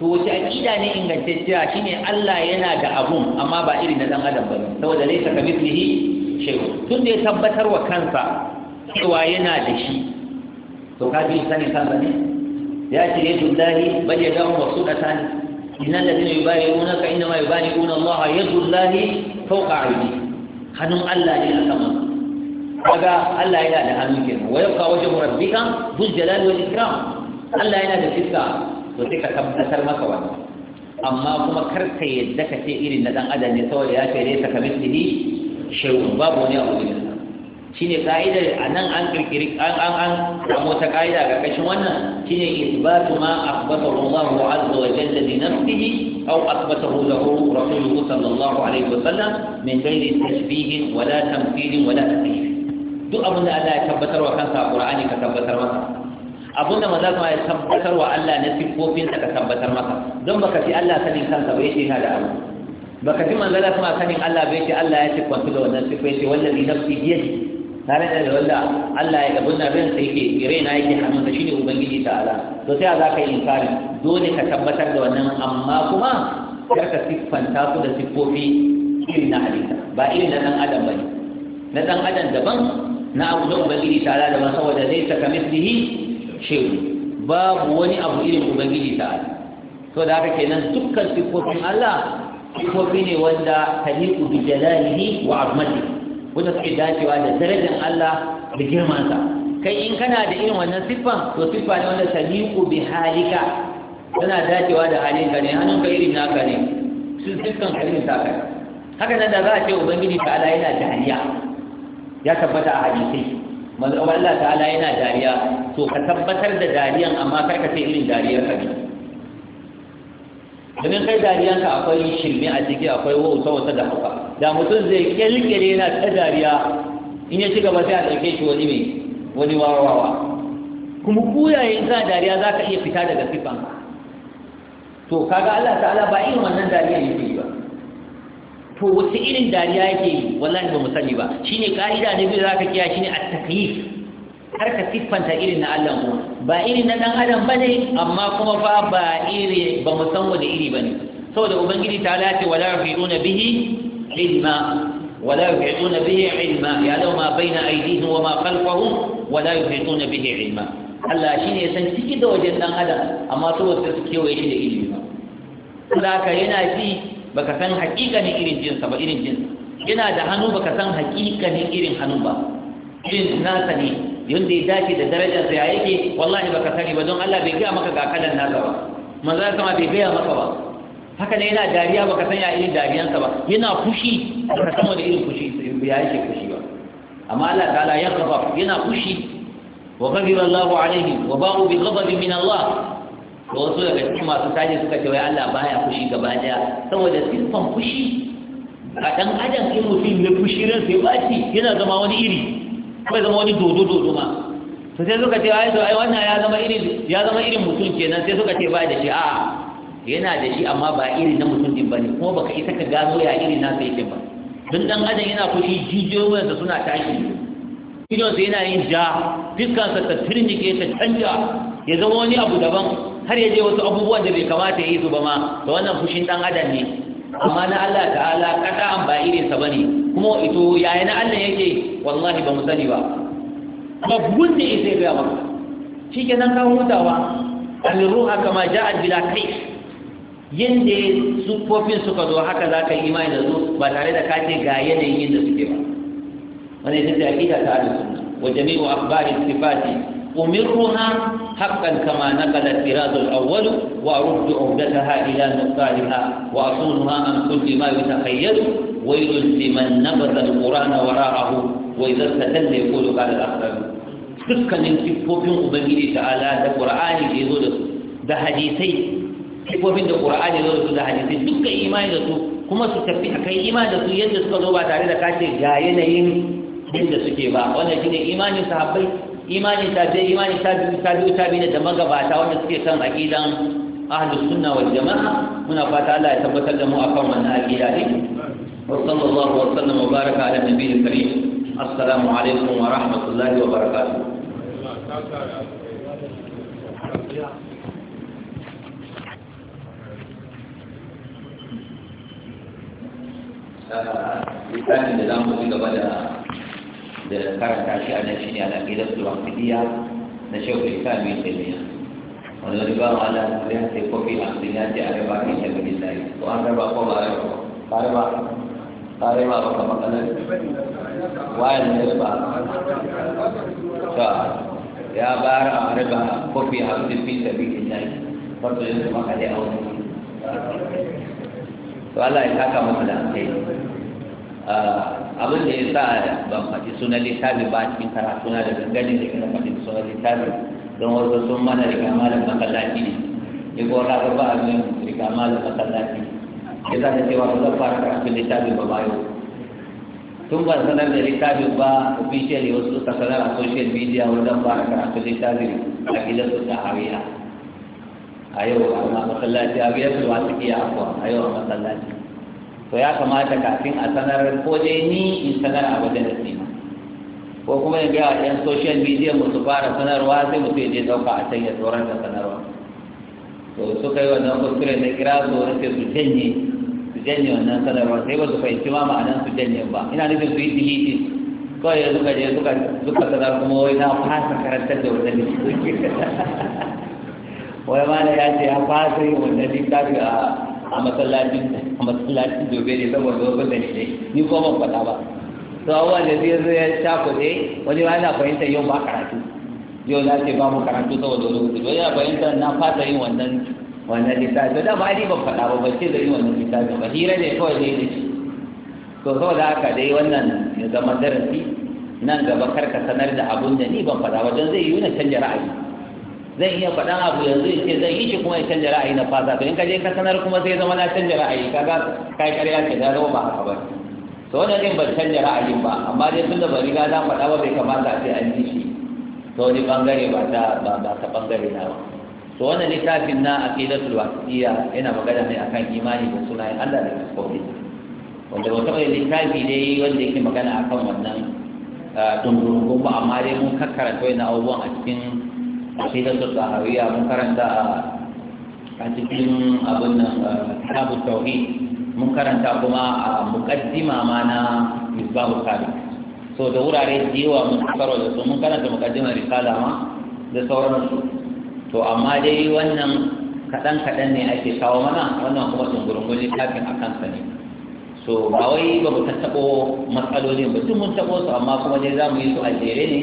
to wace aqida ne ingantacciya shine Allah yana da abun amma ba irin na dan adam ba saboda laysa ka mithlihi shay'un tun da ya tabbatar wa kansa cewa yana da shi to ka sani kansa ne ya ce ne dullahi bal yadahu mabsudatan إن الذين يبايعونك إنما يبايعون الله يد الله فوق أيديهم hannun Allah ne a sama kaga Allah yana da hannu kenan wa yabqa wajhu rabbika dhul jalali wal Allah yana da fiska to ka tabbatar maka wannan amma kuma kar ka yadda ka irin na dan adam ne saboda ya ce ne saka mislihi babu wani abu shine ka'idar a nan an kirkiri an an an samu ta ka'ida ga kashin wannan shine isbatu ma akhbathahu Allah azza wa jalla bi nafsihi aw akhbathahu lahu rasuluhu sallallahu alaihi wa sallam min ghairi tashbih wala tamthil wala takyif duk abin da Allah ya tabbatar wa kansa a Qur'ani ka tabbatar masa abin da maza kuma ya tabbatar wa Allah na sifofinsa ka tabbatar masa don baka fi Allah sanin kansa bai yace da abu baka fi manzala kuma sanin Allah bai ce Allah ya ce kwantu da wannan sifofi wallazi nafsi biyadihi na rantsa da wanda Allah ya abun nan ransa yake raina yake hannunsa shine ubangiji ta'ala to sai za ka yi inkari dole ka tabbatar da wannan amma kuma kar ka siffanta su da siffofi irin na halitta ba irin na dan adam bane na dan adam daban na abu da ubangiji ta'ala daban saboda zai saka mislihi shehu babu wani abu irin ubangiji ta'ala to da haka kenan dukkan siffofin Allah siffofi ne wanda taliqu bi jalalihi wa azmatihi wanda suke dacewa da darajar Allah da girmansa kai in kana da irin wannan siffan to siffa ne wanda liƙo bi halika tana dacewa da halinka ne hannun ka irin naka ne su siffan ka irin taka haka nan da za a ce ubangiji ala yana dariya ya tabbata a hadisi manzo Allah ala yana dariya to ka tabbatar da dariyan amma kar ka sai irin dariyar ka ne domin kai dariyanka akwai shirme a ciki akwai wauta wata da hauka da mutum zai kirkire na ta dariya in ya ci gaba sai a ɗauke shi wani mai wani wawawa kuma kuyayen sa dariya za ka iya fita daga sifan to kaga Allah ta'ala ba irin wannan dariya yake yi ba to wasu irin dariya yake yi wallahi ba mu sani ba shine ka'ida ne biyu za ka kiya shine at-takyif har ka siffanta irin na Allah ko ba irin na dan adam bane amma kuma fa ba iri ba mu san wani iri bane saboda ubangiji ta lati wala yu'minuna bihi علما ولا يحيطون به علما يعلم ما بين أيديهم وما خلفهم ولا يحيطون به علما Allah shi ne ya san ciki da wajen ɗan adam amma saboda ta kewaye shi da ilimi ba kula ka yana ji baka san hakika hakikanin irin jinsa ba irin jinsa yana da hannu baka san hakika hakikanin irin hannu ba irin nasa ne yadda ya dace da darajar sa yake wallahi baka sani ba don Allah bai gaya maka ga kalan nasa ba manzo sama bai gaya maka ba haka ne yana dariya baka san ya irin dariyansa ba yana fushi baka san wani irin fushi ya yake fushi ba amma Allah ta'ala ya kafa yana fushi wa ghadira Allahu alaihi wa ba'u bi ghadabin min Allah to wasu daga cikin masu tashi suka ce wai Allah baya fushi gaba daya saboda siffan fushi a dan adam in mutum ya fushi ran sai baci yana zama wani iri bai zama wani dodo dodo ma to sai suka ce ai to ai wannan ya zama irin ya zama irin mutum kenan sai suka ce bai da shi a'a yana da shi amma ba irin na mutum din ne, kuma baka isa ka gano ya irin na sai ba Don dan adam yana fushi wanda suna tashi idon sai yana yin ja fiskan sa ta ke ta canja ya zama wani abu daban har ya je wasu abubuwan da bai kamata ya yi su ba ma da wannan fushin dan adam ne amma na Allah ta'ala kada an ba irin sa bane kuma ito yaya na Allah yake wallahi ba mu sani ba babbun ne sai ga ba shi kenan ka hutawa al-ruha kama ja'a bila kai. yadda sufofin suka zo haka za ka yi imani da su ba tare da kace ga yanayin yadda suke ba wani ita ce aƙida ta ahlus sunna wa jami'u akhbari sifati umirruha haqqan kama naqala sirat al-awwal wa aruddu uhdataha ila nuqaliha wa asunuha an kulli ma yatakhayyalu wa yudul liman nabata al-qur'ana wara'ahu wa idha istadalla yaqulu qala al-akhbar dukkanin sifofin ubangiji ta'ala da qur'ani da yazo da hadisai kifofin da qur'ani zo da su da hadisi dukkan imani da su kuma su tafi a kai imani da su yadda suka zo ba tare da kace ga yanayin yadda suke ba wannan shine imanin sahabbai imanin tabi'i imanin tabi'i tabi'i tabi'i da magabata wanda suke kan aqidan ahlus sunna wal jama'a muna fata Allah ya tabbatar da mu akan wannan aqida ne wa sallallahu wa sallama wa baraka ala nabiyil karim assalamu alaikum wa rahmatullahi wa barakatuh misalin da mu ci gaba da da karanta shi a nan shine al-aqidat al-waqidiyya na Sheikh Islam wani Taymiyyah wanda ala ya ce ko bi an ce a riba ke ta bin ko an riba ko ba riba ba riba ba riba ba kuma kana wayar ne ba ta ya bar a riba ko bi an fi ta bin Allah farko yanzu maka dai aure to Allah ya saka musu da alkhairi ah, abin da ya sa ban faɗi sunan littafi ba cikin karatu na da dangane da kira faɗi sunan littafi don wasu sun mana riga malam makallaci ne ya ko raga ba abin riga malam makallaci ya za ta cewa ba zan fara karatu littafi ba bayo tun ba sanar da littafi ba ya wasu suka sanar a social media wajen fara karatun littafi a gidan su ta hariya a yau a masallaci abu ya zuwa su iya afuwa a yau a masallaci to ya kamata kafin a sanar ko dai ni in sanar a wajen da sima ko kuma in ga yan social media mu su fara sanarwa sai mutum ya je dauka a can ya tsoron da sanarwa to suka yi wannan kuskure na kira su wani sai su janye su janye wannan sanarwa sai ba su fahimci ma ma'anan su janye ba ina nufin su yi diliti kawai suka je suka sanar kuma wai na fasa karantar da da wannan wai ma da ya ce ya fasa yin wannan littafi a masallacin a masallacin dobe ne saboda wasu dalilai ni ko ban faɗa ba to abubuwan da zai zo ya cakuɗe wani ma yana fahimta yau ba karatu yau za ce ba mu karatu saboda wani hutu to yana fahimta na fasa yin wannan wannan littafi to da ba ni ban faɗa ba ba ce da yin wannan littafi ba hira ne kawai ne da shi to saboda haka dai wannan ya zama darasi nan gaba karka sanar da abun da ni ban faɗa ba don zai yi na canja ra'ayi zan iya faɗan abu yanzu in ce zan yi shi kuma in canja ra'ayi na fasa to in ka je ka sanar kuma sai zama na canja ra'ayi kaga kai ƙarya ce ta zama ba haka ba to wannan din ban canja ra'ayin ba amma dai tun da bari na za faɗa ba bai kamata sai an yi shi to wani bangare ba ta ba ta bangare na ba to wannan littafin na aqidatul wasiya yana magana ne akan imani da sunayen Allah da kuskure wanda wata mai littafi dai wanda yake magana akan wannan ah, dungurungun ba amma dai mun kakkaranta wani abubuwan a cikin aqidat al-tahawiyya mun karanta a ah, ah, cikin abin nan ah, kitabu tauhid mun karanta kuma a muqaddima ma na misbahu sadiq so da wurare jiwa mun karo da su mun karanta muqaddima risala ma da sauransu to amma dai wannan kaɗan kaɗan ne ake kawo mana wannan kuma tungurungun kafin a kansa ne so ba wai ba mu tattaɓo matsalolin ba tun mun taɓo su amma kuma dai za mu yi su a jere ne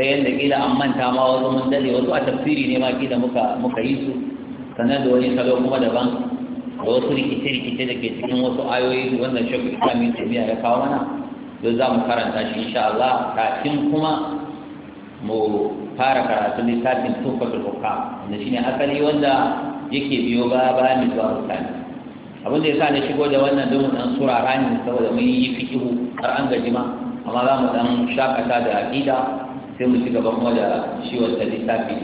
ta yadda kila an manta ma wasu mun dade wasu a tafsiri ne ma gida muka yi su sannan da wani salo kuma daban da wasu rikice-rikice da ke cikin wasu ayoyi wannan shakku islamin jami'a ya kawo mana don za mu karanta shi insha Allah kafin kuma mu fara karatun littafin da hukam wanda shine asali wanda yake biyo ba bayan zuwa mutane abin da ya sa ni shigo da wannan don dan sura rani saboda mun yi fikihu har an gaji ma amma za mu dan shakata da aqida sai mu ci gaba kuma da shi wata lissafi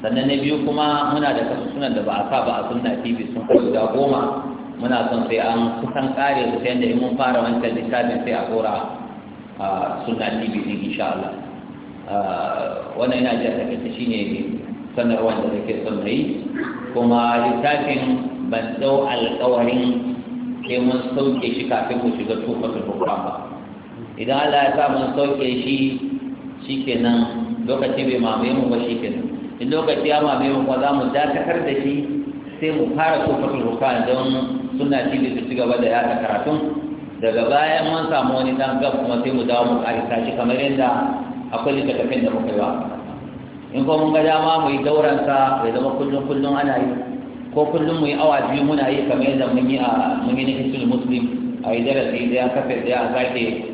sannan na biyu kuma muna da kasu sunan da ba a sa ba a sunna tv sun kai guda goma muna son sai an kusan kare su sai in mun fara wancan lissafin sai a kora a sunna tv din insha Allah wannan yana jin takaice shine sanarwar da take son yi kuma littafin ban dau alkawarin sai mun sauke shi kafin mu shiga tufatul ba idan Allah ya sa mun sauke shi nan, lokaci bai mame mu ba shikenan in lokaci ya mame mu ba za mu dakatar da shi sai mu fara tofatul hukman don suna tilis su ci gaba da yada karatun daga bayan mun samu wani dan gab kuma sai mu dawo mu karisa shi kamar yadda akwai littattafin da muka yi ba in ko mun ga dama mu yi dauransa bai zama kullum kullum ana yi ko kullum mu yi awa biyu muna yi kamar yadda mun yi a mun yi na muslim a yi darasi da ya kafe da ya sake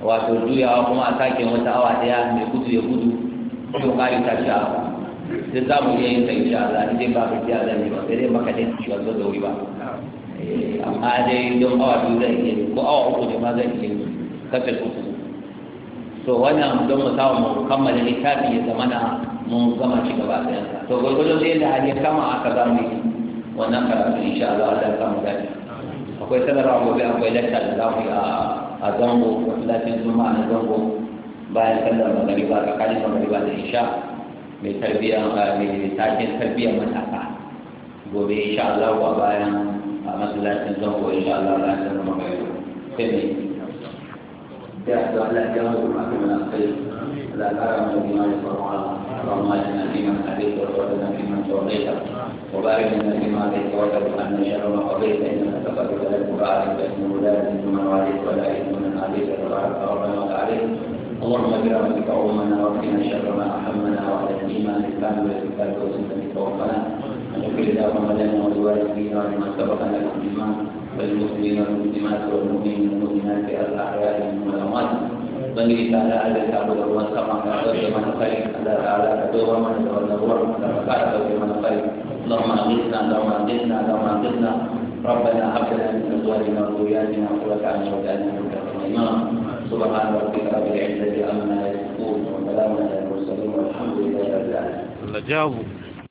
wato juyawa kuma a sake wata awa daya mai gudu ya gudu to kari ta sha sai za mu iya yin ta insha Allah idan ba ka ji azan ba sai dai maka dai ci wanzo da wuri ba eh, amma dai don awa biyu zai iya ko awa uku ne ma zai iya kashe uku to wannan don mu samu mu kammala littafi ya zama na mun gama shi gaba ɗaya to gwargwado sai da hali kama aka za mu yi wannan karatu insha Allah Allah ya samu dace akwai sanarwa gobe akwai lakta da za mu yi a a zango masallacin juma'a na zango bayan sallar magariba tsakanin magariba da isha mai tarbiya mai takin tarbiyyar matasa gobe insha Allah a bayan a masallacin zango insha Allah bayan sallar magariba sai ne da Allah ya jawo mu a kan alƙai da ƙara mu imani farko Allah اللهم اجعلنا فيمن هديت وتولنا فيمن توليت وبارك لنا فيما هديت وتولنا ان شر ما قضيت انك تقضي لك وبارك فانه لا يذل من واليت ولا يذل من عليك تبارك وتعالى اللهم برحمتك امنا واقنا شر ما احمنا وعلى الايمان الاسلام والسنه توفنا وكل اللهم لنا ولوالدينا ولمن سبقنا بالايمان والمسلمين والمسلمات والمؤمنين والمؤمنات في الاحياء منهم والاموات ಬಂದಿದ್ದಾರೆ ಆಡಳಿತ ಆಡುವ ಮನಸ್ಸಾಗಿ ಮನಸ್ಸಾಗಿ ಅಂದರೆ ಆಡಳಿತ ಮನಸ್ಸವನ್ನು ಸರ್ಕಾರ ಬಗ್ಗೆ ಮನಸ್ಸಾಗಿ ಸುಭಾನ್ ಅಲ್ಲ ಜಾವು